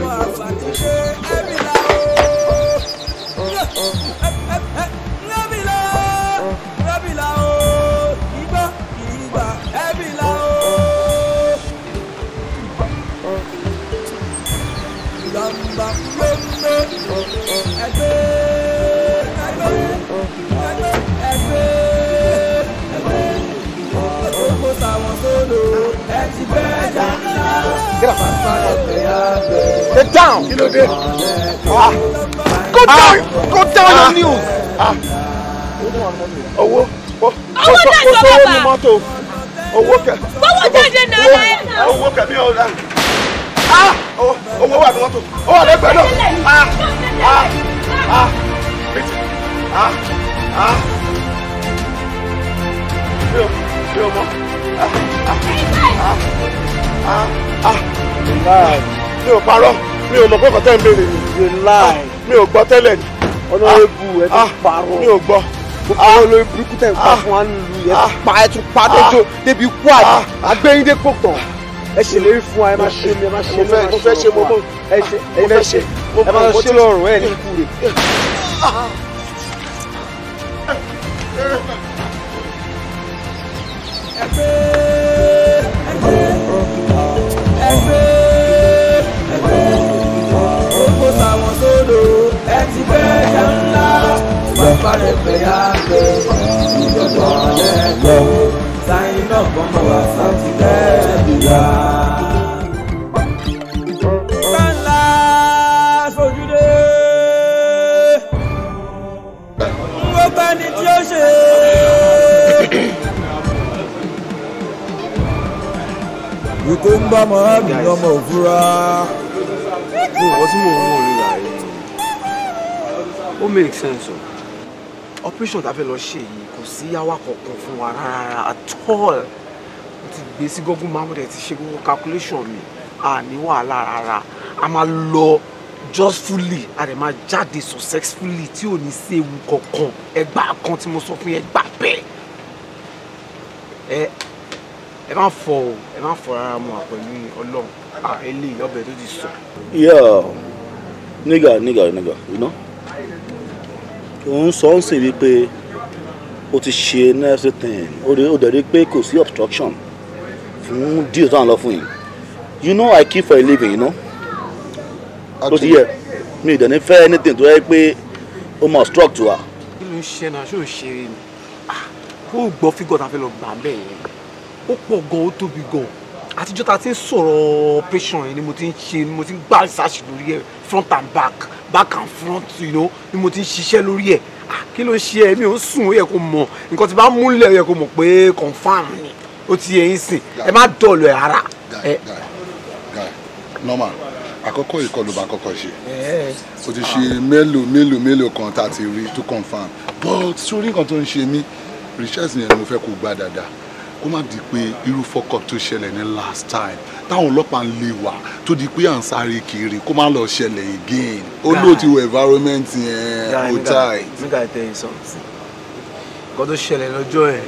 Get down. Ah. Go down. Go down your ah. news. Ah. Owó. Owó náà sọ bàbá. Owó kẹ. Owó jáde náà náà. Owó kẹ mi ò rà. Owó wà ní mọ́tò. Ó wà lẹ́gbẹ̀ẹ́ náà. Ah. Ah. ah. ah. Ah. Ah. Mi ò mi ò mọ̀. Ah. Ah. Ah. Ah. Ah, lie. Me ò parọ́ mi ò mọ̀ pé kọ́tẹ́ ń béèrè ni ah, mi ò gbọ́ tẹ́lẹ̀ ni. ọlọ́rẹ́bù ẹ ti ah, ah, parọ́ Me ò gbọ́ àwọn olórí burúkú tẹ̀ ń pa fún wa nílùú yẹn pa ẹ tún pa déjò débi ikú àdé agbẹ́yìndé kò tán ẹ ṣèlérí fún wa ẹ máa ṣe mi ẹ máa ṣe mi mo fẹ́ ṣe mo mọ̀ ẹ ṣe ẹ fẹ́ ṣe ẹ máa ṣe lọ́rùn ẹ ní ikú rẹ̀. ẹ pé. parẹ́pẹ̀ yá gbé ìjọba lẹ́gbẹ́ sáyìn ọ̀gbọ́n mọ̀ wá sáti lẹ́ẹ̀bì yá. Bẹ́ńlá sojúdé. Gbogbo ẹni tí ó ṣe. Ikú ń bá ọmọ àmì ọmọ òfúra. Mo wọ́n tí mò ń wò ní ìyá rẹ̀. Ó make sense o operation tá a fẹ́ lọ ṣe yìí kò sí awakọ̀ kan wa rárá at all mo ti gbé sí google map rẹ̀ ti ṣe gbogbo calculation mi a ní wàhálà rárá a máa lọ just fully a dẹ̀ máa jáde successfully tí ò ní sí ewu kankan ẹgbà kan tí mo sọ fún yẹn gbà Eh? ẹ ẹ má fọ o ẹ má fọ rárá mu àpẹlú ọlọ́run à ah, eléyìí ọbẹ̀ tó ti sọ. yíyá nigga. nígà nígà you know òun sọ ń sè wípé ó ti ṣe ní everything ó dẹ̀ rí pé kò sí obstruction fún díò tó à ń lọ fún yìí you know I keep for a living you know ó ti yẹ mi ìdẹ̀ ní fẹ́ anything tó yẹ pé ó mọ̀ struck to her. kí ló ń ṣe náà ṣé ò ṣe é ni ah, kó o gbọ́ fígọ̀ tá a fẹ́ lọ gbà bẹ́ẹ̀ yẹn ó pọ̀ gan ó tóbi gan àtijọ́ ta ti ń sọ̀rọ̀ operation yìí ni mo ti ń ṣe ni mo ti ń gbá ìsáṣì lórí ẹ̀ front and back back and front you know ni mo ti ń ṣiṣẹ́ lórí ẹ̀ ah, kí ló ṣe ẹ mi ò ń sùn ó yẹ kó mọ̀ nǹkan tí bá múlẹ̀ ó yẹ kó mọ̀ pé confam ni ó ti yẹ yín sìn ẹ má dọ̀lọ̀ ẹ̀ ara. normal àkọ́kọ́ ìkọlù bá kọ́kọ́ ṣe o ti ṣe mélòó mélòó mélòó kan tá a ti rí to confam but sórí nǹkan tó ń ṣe mí research yẹn mo fẹ́ kó gbá dáadáa kó má di pé irú fuck up tó ṣẹlẹ̀ ní last time táwọn ọlọ́pàá ń lè wà tó di pé à ń sáré kiri kó má lọ ṣẹlẹ̀ again ó lóò ti wọ environment yẹn ó tight. make i tell you something nǹkan tó ṣẹlẹ̀ lọ́jọ́ ẹ̀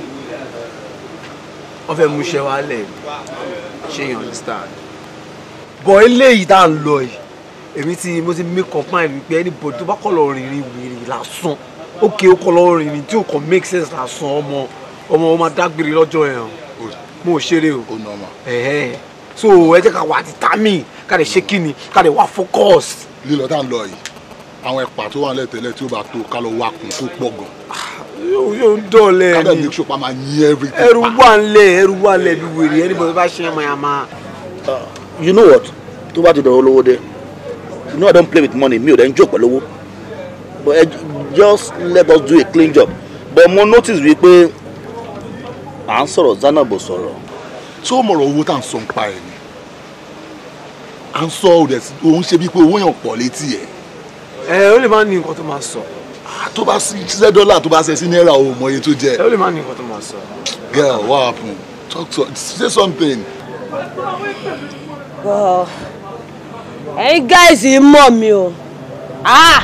wọ́n fẹ́ mú iṣẹ́ wa lẹ̀ ṣé you understand bọ̀ eléyìí tá à ń lọ yìí èmi ti mo ti make up mind wípé anybody tó bá kọ̀ lọ rìnrìn wèrè lásán ó ké ó kọ̀ lọ rìnrìn tí ò kàn make sense lásán ọmọ ọmọ wọn dágbére lọ́jọ́ yẹn o mo ò ṣeré o so ẹ jẹ́ ká wà determine ká lè ṣe kí ni ká lè wà focus. lílọ tá à lọ yìí àwọn ẹ̀pà tó wà nílẹ̀ tí ó bá tó ká lọ wá kùn kó pọ̀ gan. yóò yóò ń dọ̀lẹ́ ni kábẹ́ mi ṣùpá máa yín everything. ẹrù wà nílẹ̀ ẹrù wà nílẹ̀ bí wèrè ẹni bọ̀ bá ṣe é mayama. Uh, you know what tó bá ti dọ̀rọ̀ lówó dé you know i don play with money mi ò dẹ̀ ń jò pẹ̀lú owó but just let us do a clean job but mo notice wípé à ń sọ̀rọ̀ Zainab sọ̀rọ̀. tí ó mọ̀rọ̀ owó tá à ń sọ ń pa ẹ̀ ni à ń sọ òdẹ òun ṣe bíi pé owó yẹn pọ̀ létí ẹ̀. ẹ ó lè máa ní nǹkan tó máa sọ. Ah, tó bá ṣiṣẹ́ dọ́là tó bá ṣe sí náírà o mọ iye tó jẹ. ẹ ó lè máa ní nǹkan tó máa sọ. girl what happen talk to her. say something. well ẹ̀yin guys yìí mọ̀ mi o ah,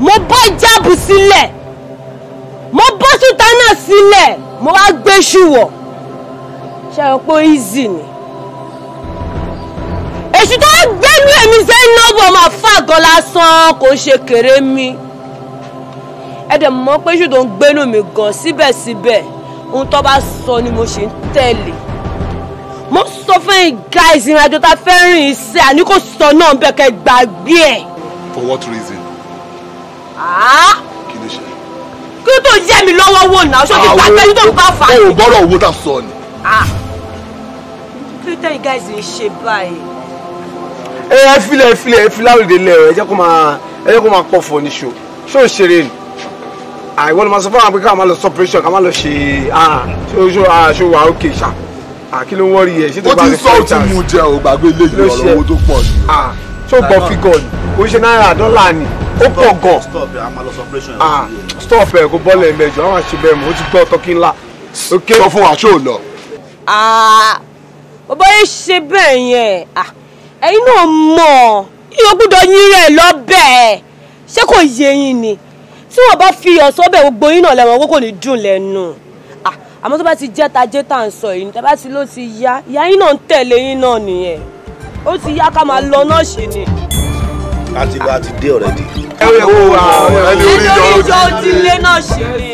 mo bọ́ ìjáàbù sílẹ̀ mo bọ́ sùtánà sílẹ̀ mo wá gbé ṣùwọ̀ ṣe rò pé easy ni èṣù tó gbẹ́nu èmi Zainab máa fàgọ́ lásán kò ṣe kéré mi ẹ dẹ̀ pé èṣù ń gbẹ́nu mi gan síbẹ̀síbẹ̀ ohun tó bá sọ ni mo ṣe ń tẹ̀lé mo sọ fún yín guys ìrìn àjò fẹ́ rìn iṣẹ́ àní sọ náà bẹ́ẹ̀ kẹ́ gbàgbé ẹ̀. for what reason. Ah? ojú tó yẹ mi lọ́wọ́ wò náà ṣó ti gbà tẹ́lú tó bá fà o bọ́rọ̀ owó tà sọ ni. kí ló tẹ́yìn guys ń ṣe báyìí. ẹ ẹ filẹ ẹ filẹ ẹ filẹ àwòrán ilé ẹ jẹ kó máa ẹ jẹ kó máa pọ̀ fọ níṣó ṣó ò ṣeré ni àìwọ́n máa sọ fún àwọn pé ká máa lọ sọpẹ́ṣọ̀ ká máa lọ ṣe ṣó ṣó wà ókè ṣá kí ló ẹ ṣé tó bá rẹ fún ìta. ó ti sọ ó ti mú jẹ ògbàgbé tó gbọ́ fígọ̀ ni kò ṣe náírà dọ́là ni ó pọ̀ gan. stop ẹ a máa lọ sọ operation ẹ. Ah, stop ẹ kò bọ́ọ̀lù ẹ̀ mẹ́jọ àwọn àṣebẹ̀ mọ̀ ó ti gbọ́ tọ́kí ńlá ó ké lọ fún wa o lọ. Ah, bàbá yìí ṣe bẹ́ẹ̀ yẹn ah, ẹ̀yin náà mọ̀ yóò gbúdọ̀ yín rẹ̀ lọ́bẹ̀ ṣé kò yé yín ni tí wọ́n bá fi ọ̀sán bẹ̀ gbogbo yín náà lẹ́wọ̀n owó kò ní dùn lẹ́nu àmọ́ tó bá ti jẹ́ tajé ń sọ yìí tá bá ti ló ti yá ìyá yín náà ń tẹ̀lé yín náà nìyẹn ó ti yá ká máa lọ náà ṣe ni. a ti bá a ti dé already. ẹ̀rọ ìwọ ẹni oníjọ ojú ilé náà ṣe ni.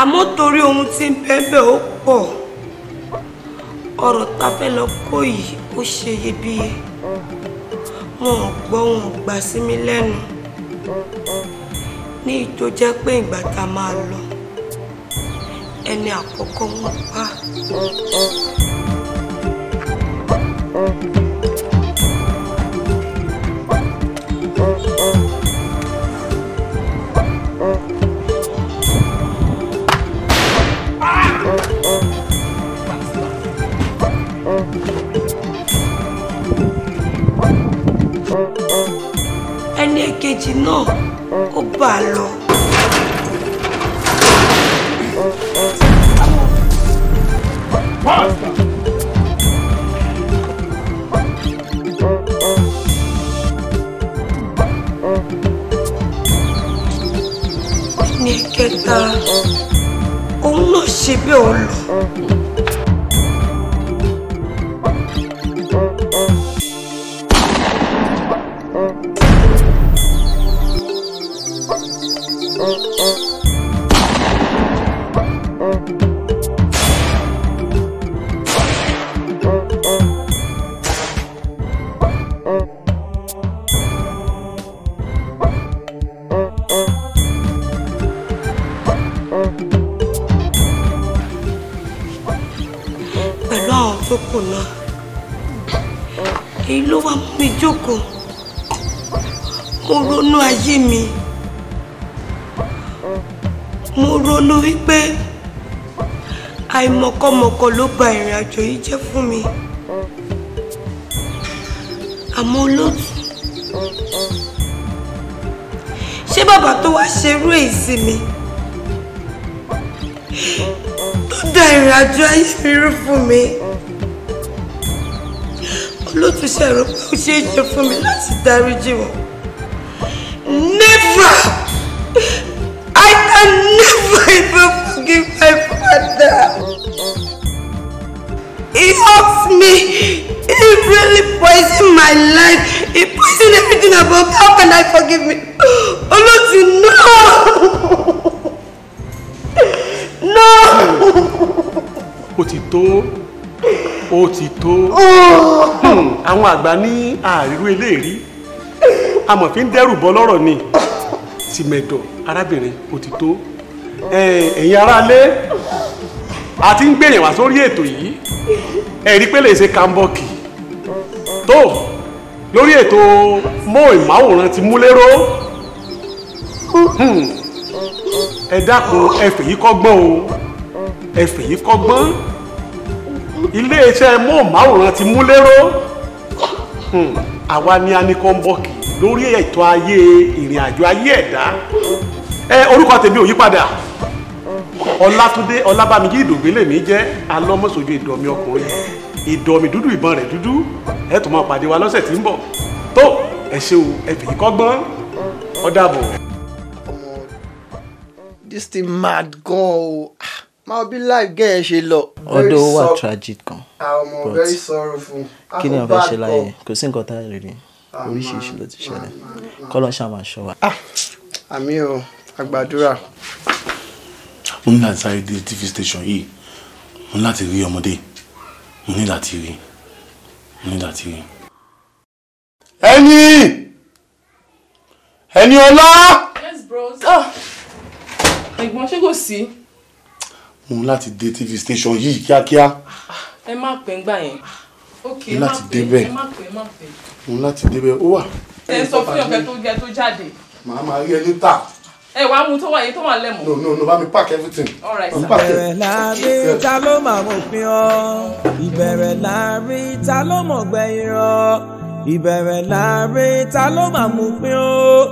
àmọ́ torí ohun tí ń bẹ́ẹ̀ ó pọ̀ ọ̀rọ̀ tá fẹ́ lọ kó yìí ó ṣe iyebíye wọn ò gbọ́ wọn ò gbà sí mi lẹ́nu ní ìjọ jẹ́ pé ìgbà tá a máa lọ ẹni àkọ́kọ́ wọn pa ẹni èkejì náà ó bà á lọ. Monster! 있겠다. 옥로 시별로. kan ló ba ìrìn àjò yìí jẹ́ fún mi àmọ́ olóòtú ṣé bàbá tó wá ṣerú èsì mi tó da ìrìn àjò ayé mi rú fún mi olóòtú ṣẹ̀rọ pé ó ṣeé ṣe fún mi láti dáríjì wọ́n. tó ó ti tó hmm, àwọn àgbà ní àrírú eléèrí amọ̀fin ń dẹ́rù bọ́ lọ́rọ̀ ni tìmẹ̀dọ̀ arábìnrin ó ti tó ẹ̀yin aráalé àti ń gbèyàn wá sórí ètò yìí ẹ̀rí pé lè ṣe kambọ́ọ̀kì tó lórí ètò móhùnmáwòrán ti múlẹ́rọ́ hmm, ẹ dákun ẹ fèyí kọ́gbọ́n o ẹ fèyí kọ́gbọ́n iléeṣẹ́ móhùnmáwòrán ti mú lérò hmm, àwa ni a ní kọ́ńbọ́ọ̀kì lórí ètò ayé ìrìn àjò ayé ẹ̀dá ẹ orúkọ tèmi ò ọlátúndé ọlábàmíjì ìdògbélé mi jẹ́ alọ́mọ̀sọ́jọ́ ìdọ̀mí ọkùnrin ìdọ̀mí dúdú ìbọn rẹ̀ dúdú ẹ máa pàdé wa lọ́sẹ̀ tí ń bọ̀ tó ẹ ṣe o ẹ fìyí kọ́gbọ́n ó this thing mad gan o. Ah máa bí life get ṣe lọ. ọdọ wà tragic kan ah, but ah, kí ni ọ̀fẹ́ ṣe láyé kò sí nǹkan tá a lè rí ah, oríṣiríṣi ló ti ṣẹlẹ̀ kọ́lọ́ ṣáà máa ṣọ́ wa. àmì o àgbàdúrà. mo ní láti sáré dé tv station yìí mo ní láti rí ọmọdé mo ní láti rí mo ní láti rí. ẹni ẹni ọlá. yes bros. ẹ̀gbọ́n ṣé kò sí mo ní láti dé tv station yìí kíákíá. ẹ má pè ń gbà yẹn. ok ẹ má pè ẹ má pè ẹ má pè. mo ní láti débẹ̀ ó wà. ẹ sọ fún ọkẹ tó jẹ tó jáde. màá máa rí ẹ níta. ẹ wàá mu tó wà yẹn tó wà lẹ́mọ̀. no no no bá mi pack everything. ìbẹ̀rẹ̀ láàbí ta ló máa mọ̀ pín ọ́ ìbẹ̀rẹ̀ láàbí ta ló mọ̀ gbẹ̀yìn ọ́ ìbẹ̀rẹ̀ láàbí ta ló máa mọ̀ pín ọ́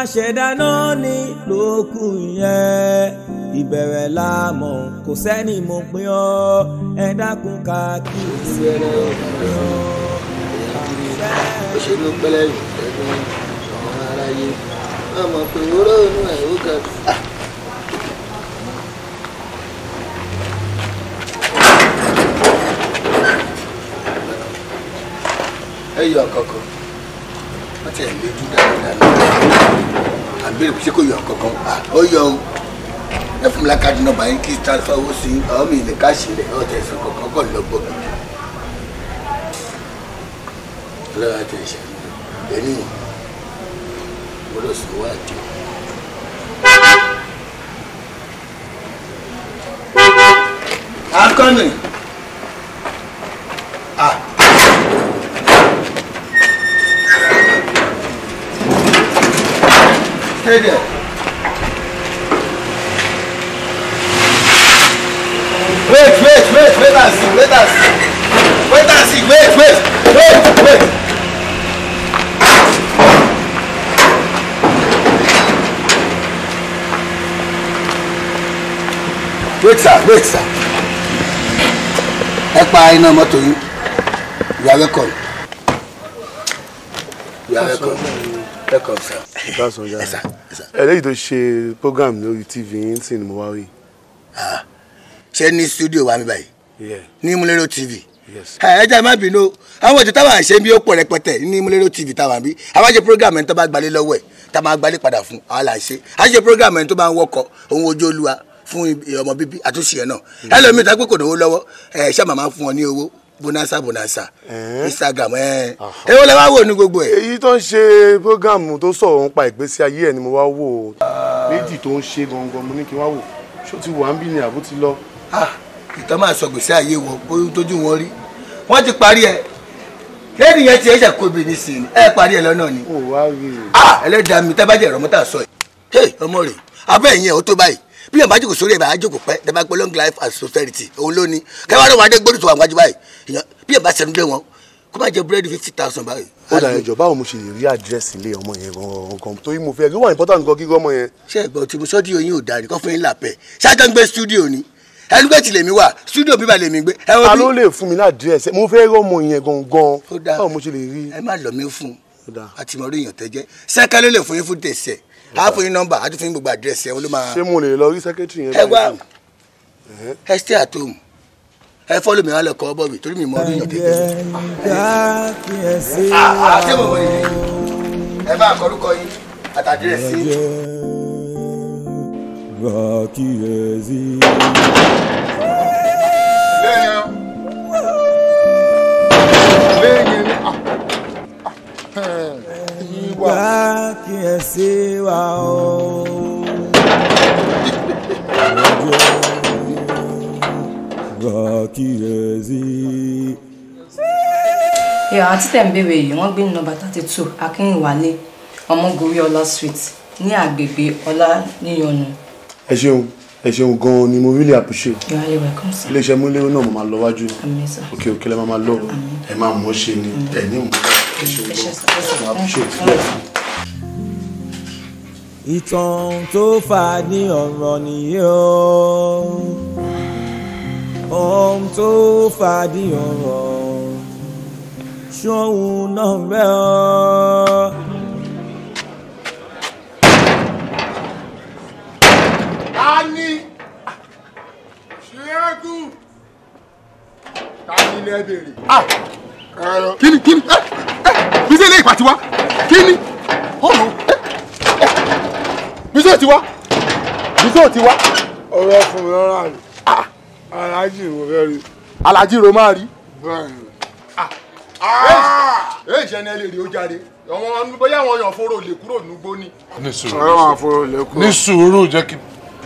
àṣẹ̀dá náà ni lókùn yẹn ìbẹ̀rẹ̀ láàmọ̀ kò sẹ́ni mo pín ọ́ ẹ dákun ká kí o sì rẹ̀ pín ọ́ òṣèlú pẹlẹbì ẹgbẹ́ àwọn aráyé wọn mọ̀ pé òró inú ẹ̀ ó ga. ẹyọ kankan wọn ti ẹ lójú dáadáa àbí ṣé kò yọ kankan ó yọ o ẹ fún mi lákàtí nọ́mbà yín kí transfer owó sí ọmọ ilé káàṣì rẹ ọtẹ ẹsẹ kọkàn kọ lọgbọ gidi ọlọ́wà tẹ̀ ṣe ẹni gbọ́dọ̀ sọ wá àjọ. akọni ah tẹ́lẹ̀. wait and see wait and see wait and see wait wait wait wait. wait sir wait sir ẹ pa iná mọ́tò yín you are welcome you are welcome welcome sir. ìbáṣọ ya eléyìí tó ṣe program lórí tv yín sí ni mo wá rí. Ah. ṣé ní studio wa mi báyìí ní mulero tv ẹ jẹ́ má bínú àwọn ètò táwọn àṣẹ bí ó pọ̀ rẹpẹtẹ ní múlẹ́rọ tv táwọn àbí àwọn ṣe program ẹni tó bá gbalé lọ́wọ́ ẹ̀ tá máa gbalé padà fún àwọn àṣẹ àṣẹ program ẹni tó bá ń wọkọ̀ òun ojú olúwa fún ọmọ bíbí àtúnṣe ẹ̀ náà mm. ẹlòmíì tá pé kò dówó lọ́wọ́ ẹ̀ ṣá màmá fún ọ ní owó bonanza bonanza instagram ẹ ẹ wọlé wá wò ní gbogbo ẹ. èyí tó ń ṣe programu tó sọ̀rọ̀ nípa ìgbésí ayé ẹ̀ ni mo wá wò ó ah. méjì tó ń ṣe gangan mo ní kí n wá wò ṣó ti wà ń bí ni àbó ti lọ. Ah ìtàn máa sọ gbèsè àyè wọn tójú wọn rí wọ́n ti parí ẹ̀ lẹ́yìn yẹn ti ẹ̀ ṣàkóbi ní sí ni ẹ̀ parí ẹ̀ lọ́nà ni. ẹlẹ́dàá mi tábàjẹ́ ọ̀rọ̀ mọ́tà sọ yìí ọmọ rẹ̀ abẹ́ ẹ̀yìn ẹ̀ ó tó báyìí bí yàn bá jókòó sórí ẹ̀ bá jókòó pẹ́ tẹ́ bá gbọ́ long life and society òun ló ní kẹwàá ló wà dé gbódùtò àwọn àjọ báyìí bí yàn bá sẹnu dé wọn kó má jẹ búrẹ́dì fifty thousand báyìí. ó dà ẹjọ báwo mo ṣe lè rí àdírẹ́sì ilé ọmọ yẹn gan-an torí mo fẹ́ kí wọ́n important gan gígọ́ ọmọ yẹn. ṣé ẹ̀gbọ́n tí mo sọ́dí oyin ò darí kọ́ fún yín làpẹ́ ṣáájú ń gbé studio ni ẹlúgbẹ̀tì lèmi wà studio bíbá lèmi gbé. a ló lè fún mi ní àdírẹ́sì mo fẹ́ rọ́ọ̀mù yẹn gangan báwo mo ṣe lè rí. ẹ má lọ mí fún àti mọ̀ orí èèyàn tẹ́jẹ́ sẹ́kẹ́ ló lè fún yín fún tẹ̀sẹ̀ á yín nọ́mbà á fún yín gbogbo àdírẹ́sì ẹ̀ ló máa. ṣé mo lè lọ rí sẹ́kẹ́tìrì yẹn. ẹ wá ẹ stay at home ẹ fọ́lọ́ mi wá lọ kọ́ ọ bọ̀wì torí mi mọ orí ìyọ̀tẹ̀ tẹ̀sí. àti mọ̀ wọ̀nyí ẹ bá àkọ́rúkọ yín àtàdírẹ́sì. Rakiesi. Rakiesi wa o. Rakiesi. Ìyá àti tẹ̀ ń béèrè yìí wọ́n gbé ní nọ́mbà thirty two Akínwálé Ọmọgòrí Ọlá Street ní àgbègbè Ọlá níyọnu ẹ ṣeun ẹ ṣeun gan-an ni mo really appreciate. you are welcome sir. iléeṣẹ́ náà mo máa lọ wájú òkè òkè lẹ́ máa lọ ẹ máa mọ̀ ṣe ni ẹ ní ìmọ̀ ẹ ṣeun gan-an mo ìtàn tó fà ní ọ̀rọ̀ nìyẹn ohun tó fà ní ọ̀rọ̀ ṣóhun náà rẹ̀ ọ́. Miracle. Ta ni ilé béèrè? Ah! Kí ni kí ni? Eh, eh, Bísí ilé ìpàtí wa. Kí ni? Ọ̀nà. Eh, Bísí ò ti wá. Bísí ò ti wá. Ọ̀rọ̀ fún mi lọ́la rẹ̀. Ah. Aláàjì mo fẹ́ rí. Aláàjì ro máa rí. Bẹ́ẹ̀ni. Èyí ṣe ni ẹ lè rí ó jáde àwọn bóyá àwọn èèyàn foro lè kúrò nígbó ni. ní sùúrù ní sùúrù jẹ́ kí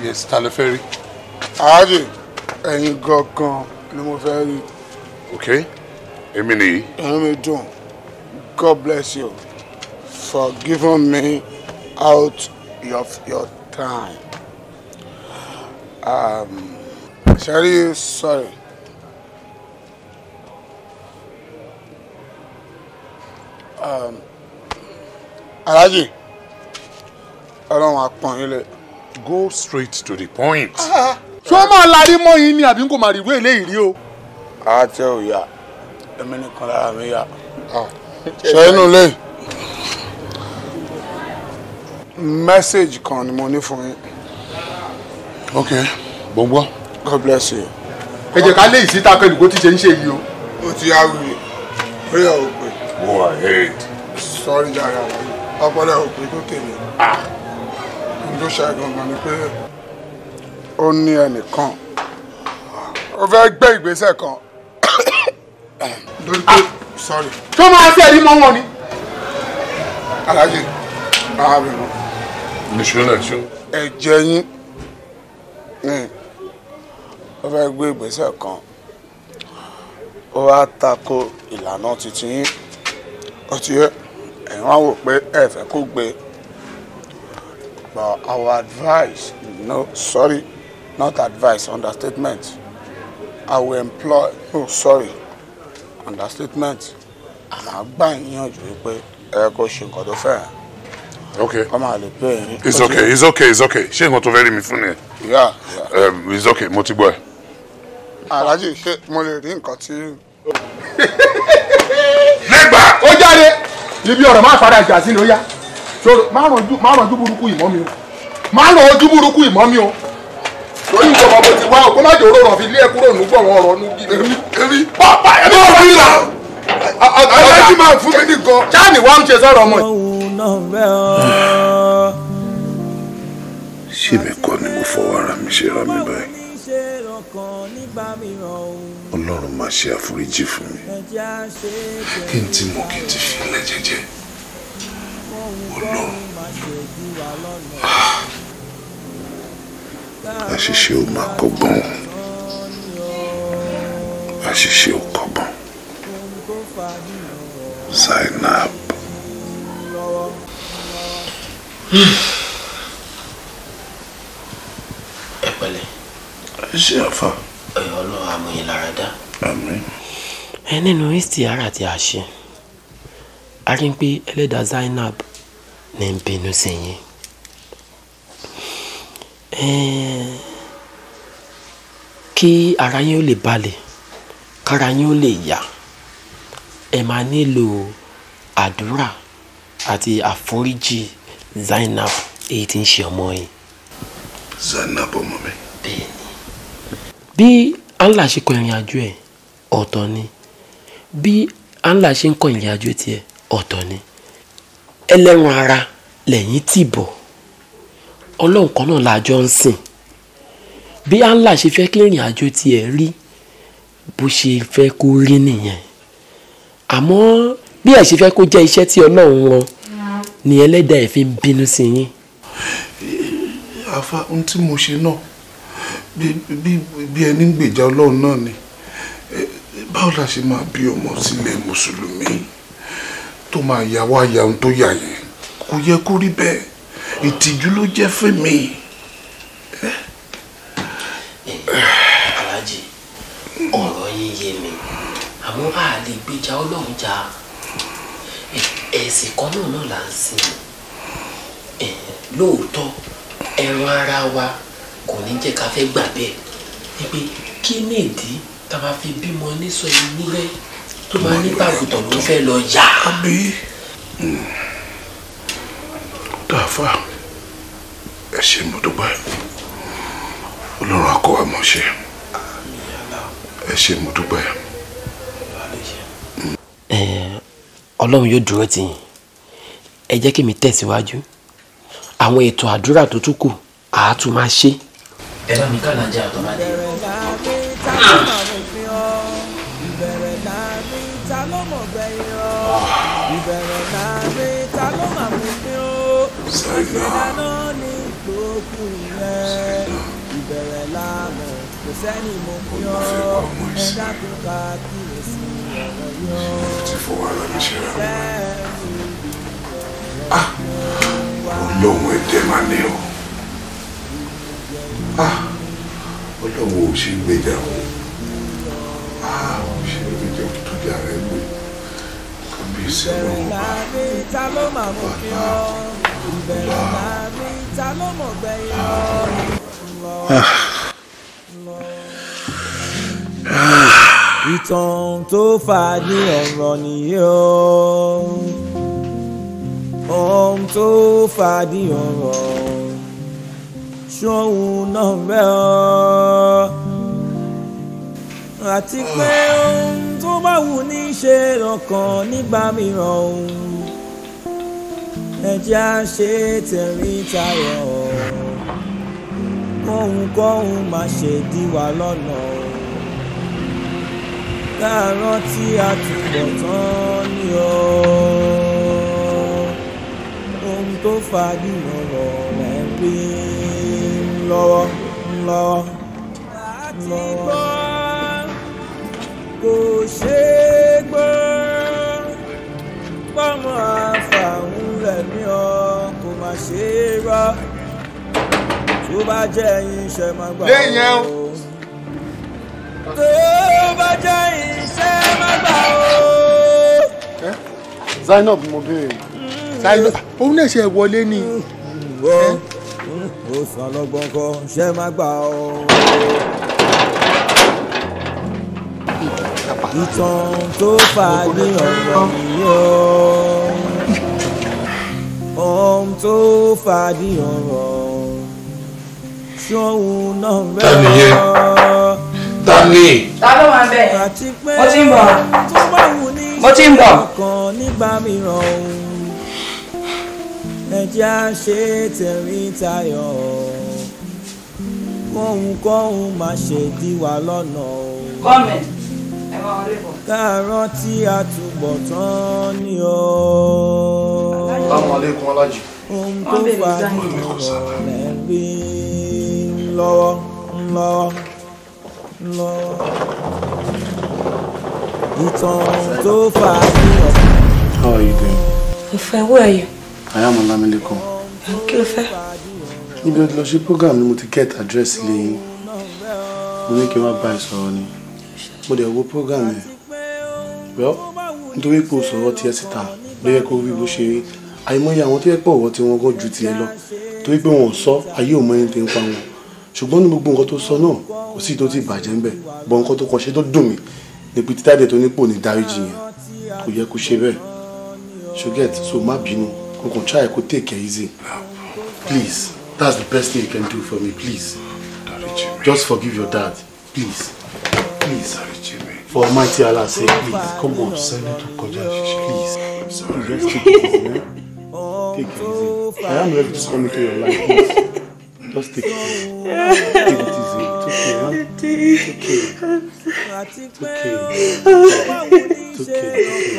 yẹ̀sì ta lè fẹ́ rí. ààrẹ ẹ̀yin gangan ni mo fẹ́ rí. ok èmi nìyí. ẹ̀rín mi dùn God bless you for giving me out of your time. Um, sorry, sorry. Um, Alhaji, Ọlọ́run á pọ́n yín Go straight to the point. Uh ah, -huh ṣé ó máa larí mọ́ yín ni àbí kò máa rí ìwé eléyìí rí o. àti ò yá èmi nìkan lára mi yá. ṣe inú ilé mẹ́sẹ̀gì kan ni mo ní fún yín. ok gbogbo. god bless you. ẹ jẹ́ ká lé ìsíta pẹ̀lú kó ti ṣe ń ṣe yìí o. ó ti yá wuli prayer ò pè. go ahead. sorry jàre àwọn ọpọlọ ò pè tó tèmi. ah. n tó ṣe àgàngàn ni pé ó ní ẹnìkan ó fẹ́ gbé ìgbésẹ̀ kan lórí pé tó máa ṣe èyí mọ́ wọn ni. aláàjì máa bẹ̀ wọ́n. nìṣó nìṣó. ẹ̀jẹ̀ yín ni ó fẹ́ gbé ìgbésẹ̀ kan ó wá tako ìlànà títí yín ó ti ẹ̀yin wá wò pé ẹ fẹ́ kó gbé but our advice no sorry not advice, understatement. I will employ, oh sorry, understatement. Màá gbà níyànjú pé ẹ kò ṣe nǹkan tó fẹ́. Okay. Come on, play. It's okay, it's okay, it's okay. Ṣé nǹkan tó fẹ́ rí mi fún ni? Yeah. Um, it's okay, mo ti gbọ́ ẹ. Alhaji, ṣé mo lè rí nǹkan tí. Lẹ́gbàá! Ó jáde! Ibi ọ̀rọ̀ máa fara ìjà sí ló yá. Má rànjú burúkú ìmọ̀ mi o. Má rànjú burúkú ìmọ̀ mi o lórí ìjọba bó ti wá òkú má jòrò ràn fi lé ẹ kúrò nígbà wọn rọ ní bí. èmi èmi pápá èmi ò rí ra máa fún mi nìkan. jáàní wá ń ṣe sọ̀rọ̀ ọmọ yìí. ṣé mi kọ́ ni mo fọwọ́ ara mi ṣe ra mi báyìí ọlọ́run máa ṣe àforíjì fún mi kí n ti mọ̀ kí n ti fi ilẹ̀ jẹ́jẹ́ ọlọ́run. Ah àṣìṣe ò máa kọ́gbọ́n àṣìṣe ò kọ́gbọ́n Zainab. [SIGHS] ẹ pẹ̀lẹ́. ṣé àfa. ẹ̀yọ́ ọlọ́run amòyìn lára dá. àmín. ẹ nínú istihara tí a ṣe a rí i pé ẹlẹ́dàá Zainab ní ń bínú sí yín kí ara yín ó lè balẹ̀ kára yín ó lè yá ẹ máa nílò àdúrà àti àforíjì Zainab èyí tí ń ṣe ọmọ yìí. Zainab ọmọ mi. bẹ́ẹ̀ni bí Allah ṣe kọ ìrìn àjò ẹ ọ̀tọ̀ ni bí Allah ṣe ń kọ ìrìn àjò tiẹ̀ ọ̀tọ̀ ni ẹlẹ́ran ara lẹ́yìn tì ọlọ́run kan náà la jọ ń sìn bí anla ṣe fẹ́ kí ìrìn àjò tiẹ̀ rí bó ṣe fẹ́ kó rí nìyẹn àmọ́ bí ẹ̀ ṣe fẹ́ kó jẹ́ iṣẹ́ tí ọlọ́run rán ni ẹlẹ́dàá ẹ̀ fi ń bínú sí yín. àfa ohun tí mo ṣe náà bí ẹni ń gbèjà ọlọ́run náà ni báwo la ṣe máa bí ọmọ sílẹ̀ mùsùlùmí tó máa yà wá ya ohun tó yà yẹn kò yẹ kó rí bẹ́ẹ̀ ìtìjú ló jẹ́ fún mi. aláàjì ọ̀rọ̀ yín yé mi àmọ́ a lè gbèjà ọlọ́run jà ẹ̀sìn kan náà náà là ń sìn lóòótọ́ ẹran ara wa kò ní jẹ́ ká fẹ́ gbà bẹ́ẹ̀ ni pé kí ni ìdí tá a máa fi bímọ nísọ ewúrẹ́ tó máa ní pàgùtàn ló fẹ́ lọ yá tá dáàfà ẹ ṣe mo dúpẹ́ ọlọ́run á kọ́ wa mọ̀ ṣe ẹ ṣe mo dúpẹ́. ọlọ́run yóò dúró tì yín ẹ jẹ́ kí mi tẹ̀síwájú àwọn ètò àdúrà tó tún kù àá tún máa ṣe. ẹ bá mi kàlàjà àtọ́mádé. ìlànà ní gbogbo rẹ̀ ìbẹ̀rẹ̀ lánà kò sẹ́ni mo fi ọ́ ẹ̀dá tó bá kíyèsí ọ̀rọ̀ yọ sẹ́ni ọlọ́run ẹ̀dẹ́ máa ní o ah, ah, ọlọ́run ò ṣe gbèjà o ò ṣe gbèjà tó jà rẹ gbé kábíyèsí ọlọ́run ah, ìbẹ̀rẹ̀ láàmì ta ló mọ̀ gbẹ̀yìn lọ. ìtàn tó fà ní ọ̀rọ̀ nìyí o ohun tó fà ní ọ̀rọ̀ ṣóhun náà bẹ́ ọ àti pé ohun tó bá wù ní ṣe lọ́kàn nígbà mìíràn ohun ẹjẹ́ à ń ṣe tẹ̀rín tayọ̀ kóhunkóhun má ṣe dí wa lọ́nà láàárọ̀ tí a túbọ̀ tán ni o ohun tó fagi ọ̀rọ̀ rẹ̀ ń pè lọ́wọ́ lọ́wọ́ lọ́wọ́ kò ṣeé gbọ́ pọ́nmọ́ ṣe rọ tó bá jẹ́ ẹ̀yin iṣẹ́ máa gbà ó. tó bá jẹ́ ẹ̀yin iṣẹ́ máa gbà ó. Zainab mo béèrè òun náà ṣe wọlé ni. ó sàn lọ́gbọ́n kan ṣe máa gbà ó. ìtàn tó fà á ní ọ̀rọ̀ yìí ó ohun tó fàdí ọ̀rọ̀ ṣóhun náà rẹ̀ ọ́. ta ni. ta ló mo ti ń bọ̀ mo ti ń bọ̀. ọkàn nígbà mìíràn òun ẹjẹ́ á ṣe tẹ̀rín tayọ̀ kóhunkóhun má ṣe dí wa lọ́nà o. gọ́ọ̀mẹ̀ntì ẹ̀ máa wọlé bọ̀. káàárọ̀ tí a túbọ̀ tán ni o. How are you doing? I'm fine. Where are you? I am Olamilekan. Kí ló fẹ́? Níbi ọdún lọ sí program ni mo ti get address ilé yín. Mo ní kí n wá bá ẹ sọ̀rọ̀ ni. Mo dẹ̀ wo program yẹn. Well, nítorí pé o sọ̀rọ̀ tiẹ̀ síta ló yẹ kó rí bó àìmọye àwọn tó yẹ pé ọ̀wọ́ tí wọ́n gan ju tiẹ̀ lọ torí pé wọn ò sọ ayé ò mọ ẹni tí ń pa wọn ṣùgbọ́n ní gbogbo nǹkan tó sọ náà kò sí tó ti bàjẹ́ ń bẹ̀ bọ́ nǹkan tó kàn ṣe tó dùn mí níbi títà dẹ̀ tó nípò ní dáríjì yẹn kò yẹ kó ṣe bẹ́ẹ̀ ṣùgẹ́t so má bínú kò kàn try kó take it easy please that's the best thing you can do for me please just forgive your dad please please for almighty Allah sake please come on send it to kọjá ṣiṣẹ please. I'm sorry. Take it easy. I am ready to come into your life. Just take it easy. Take it easy. It's okay. Huh? It's okay. It's okay. It's okay.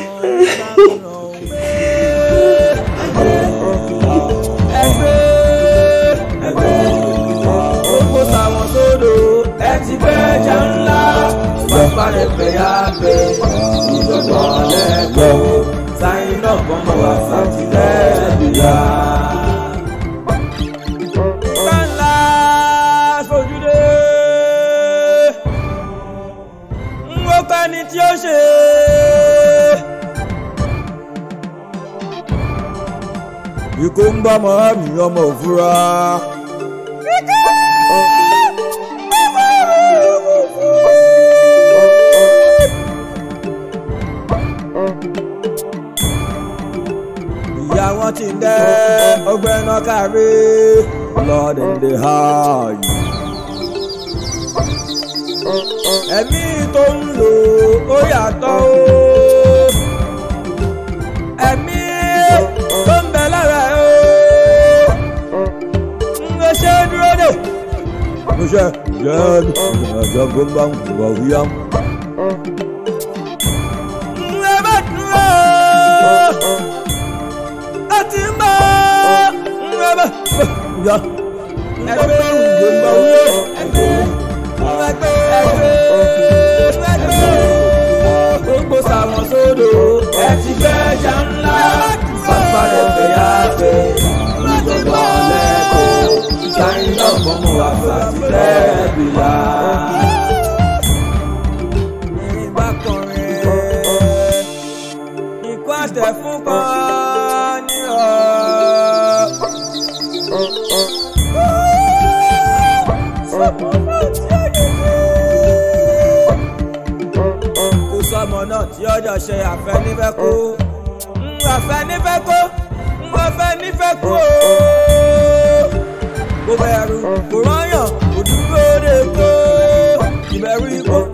It's okay. Ẹ ti bẹ́ẹ̀ jẹ́ ńlá, bàbá rẹ̀ náà kọ́ mọ̀ wá sátidẹ́ẹ̀dì wá. Kánlá fojúdé. N ó pẹ́ni tí ó ṣe. Ikú ń bá mọ́ mi ọmọ òfurá. nothing there. Oh, Ogbe no carry. Lord in the high. Ẹ̀mí tó ń lò ó yàtọ̀ o. Ẹ̀mí tó ń bẹ lára o. Ń lè ṣe dúró dè. Mo ṣe jẹ́ ẹ̀jọ̀ gbọ́ngbọ́n ìwà òwúyàmù. yọ. ẹgbẹ́ òǹgbò owó ẹgbẹ́ ẹgbẹ́ ẹgbẹ́ ẹgbẹ́ gbogbo sàwọn sódò. ẹ ti fẹ́ ṣá ńlá bàbá rẹ̀ fẹ́ yá fẹ́ gbogbo ọ̀lẹ́kọ̀ọ́ ìgbà yín lọ́gbọ̀n mọ́ àgbà ti fẹ́. gbọ́dọ̀ ṣe àfẹnifẹ́ kó mm, àfẹnifẹ́ kó mo mm, fẹ́ nífẹ́ kó kò bẹ̀rù kò rọ́yàn kò dúró de kó ìbẹ̀rù ikú.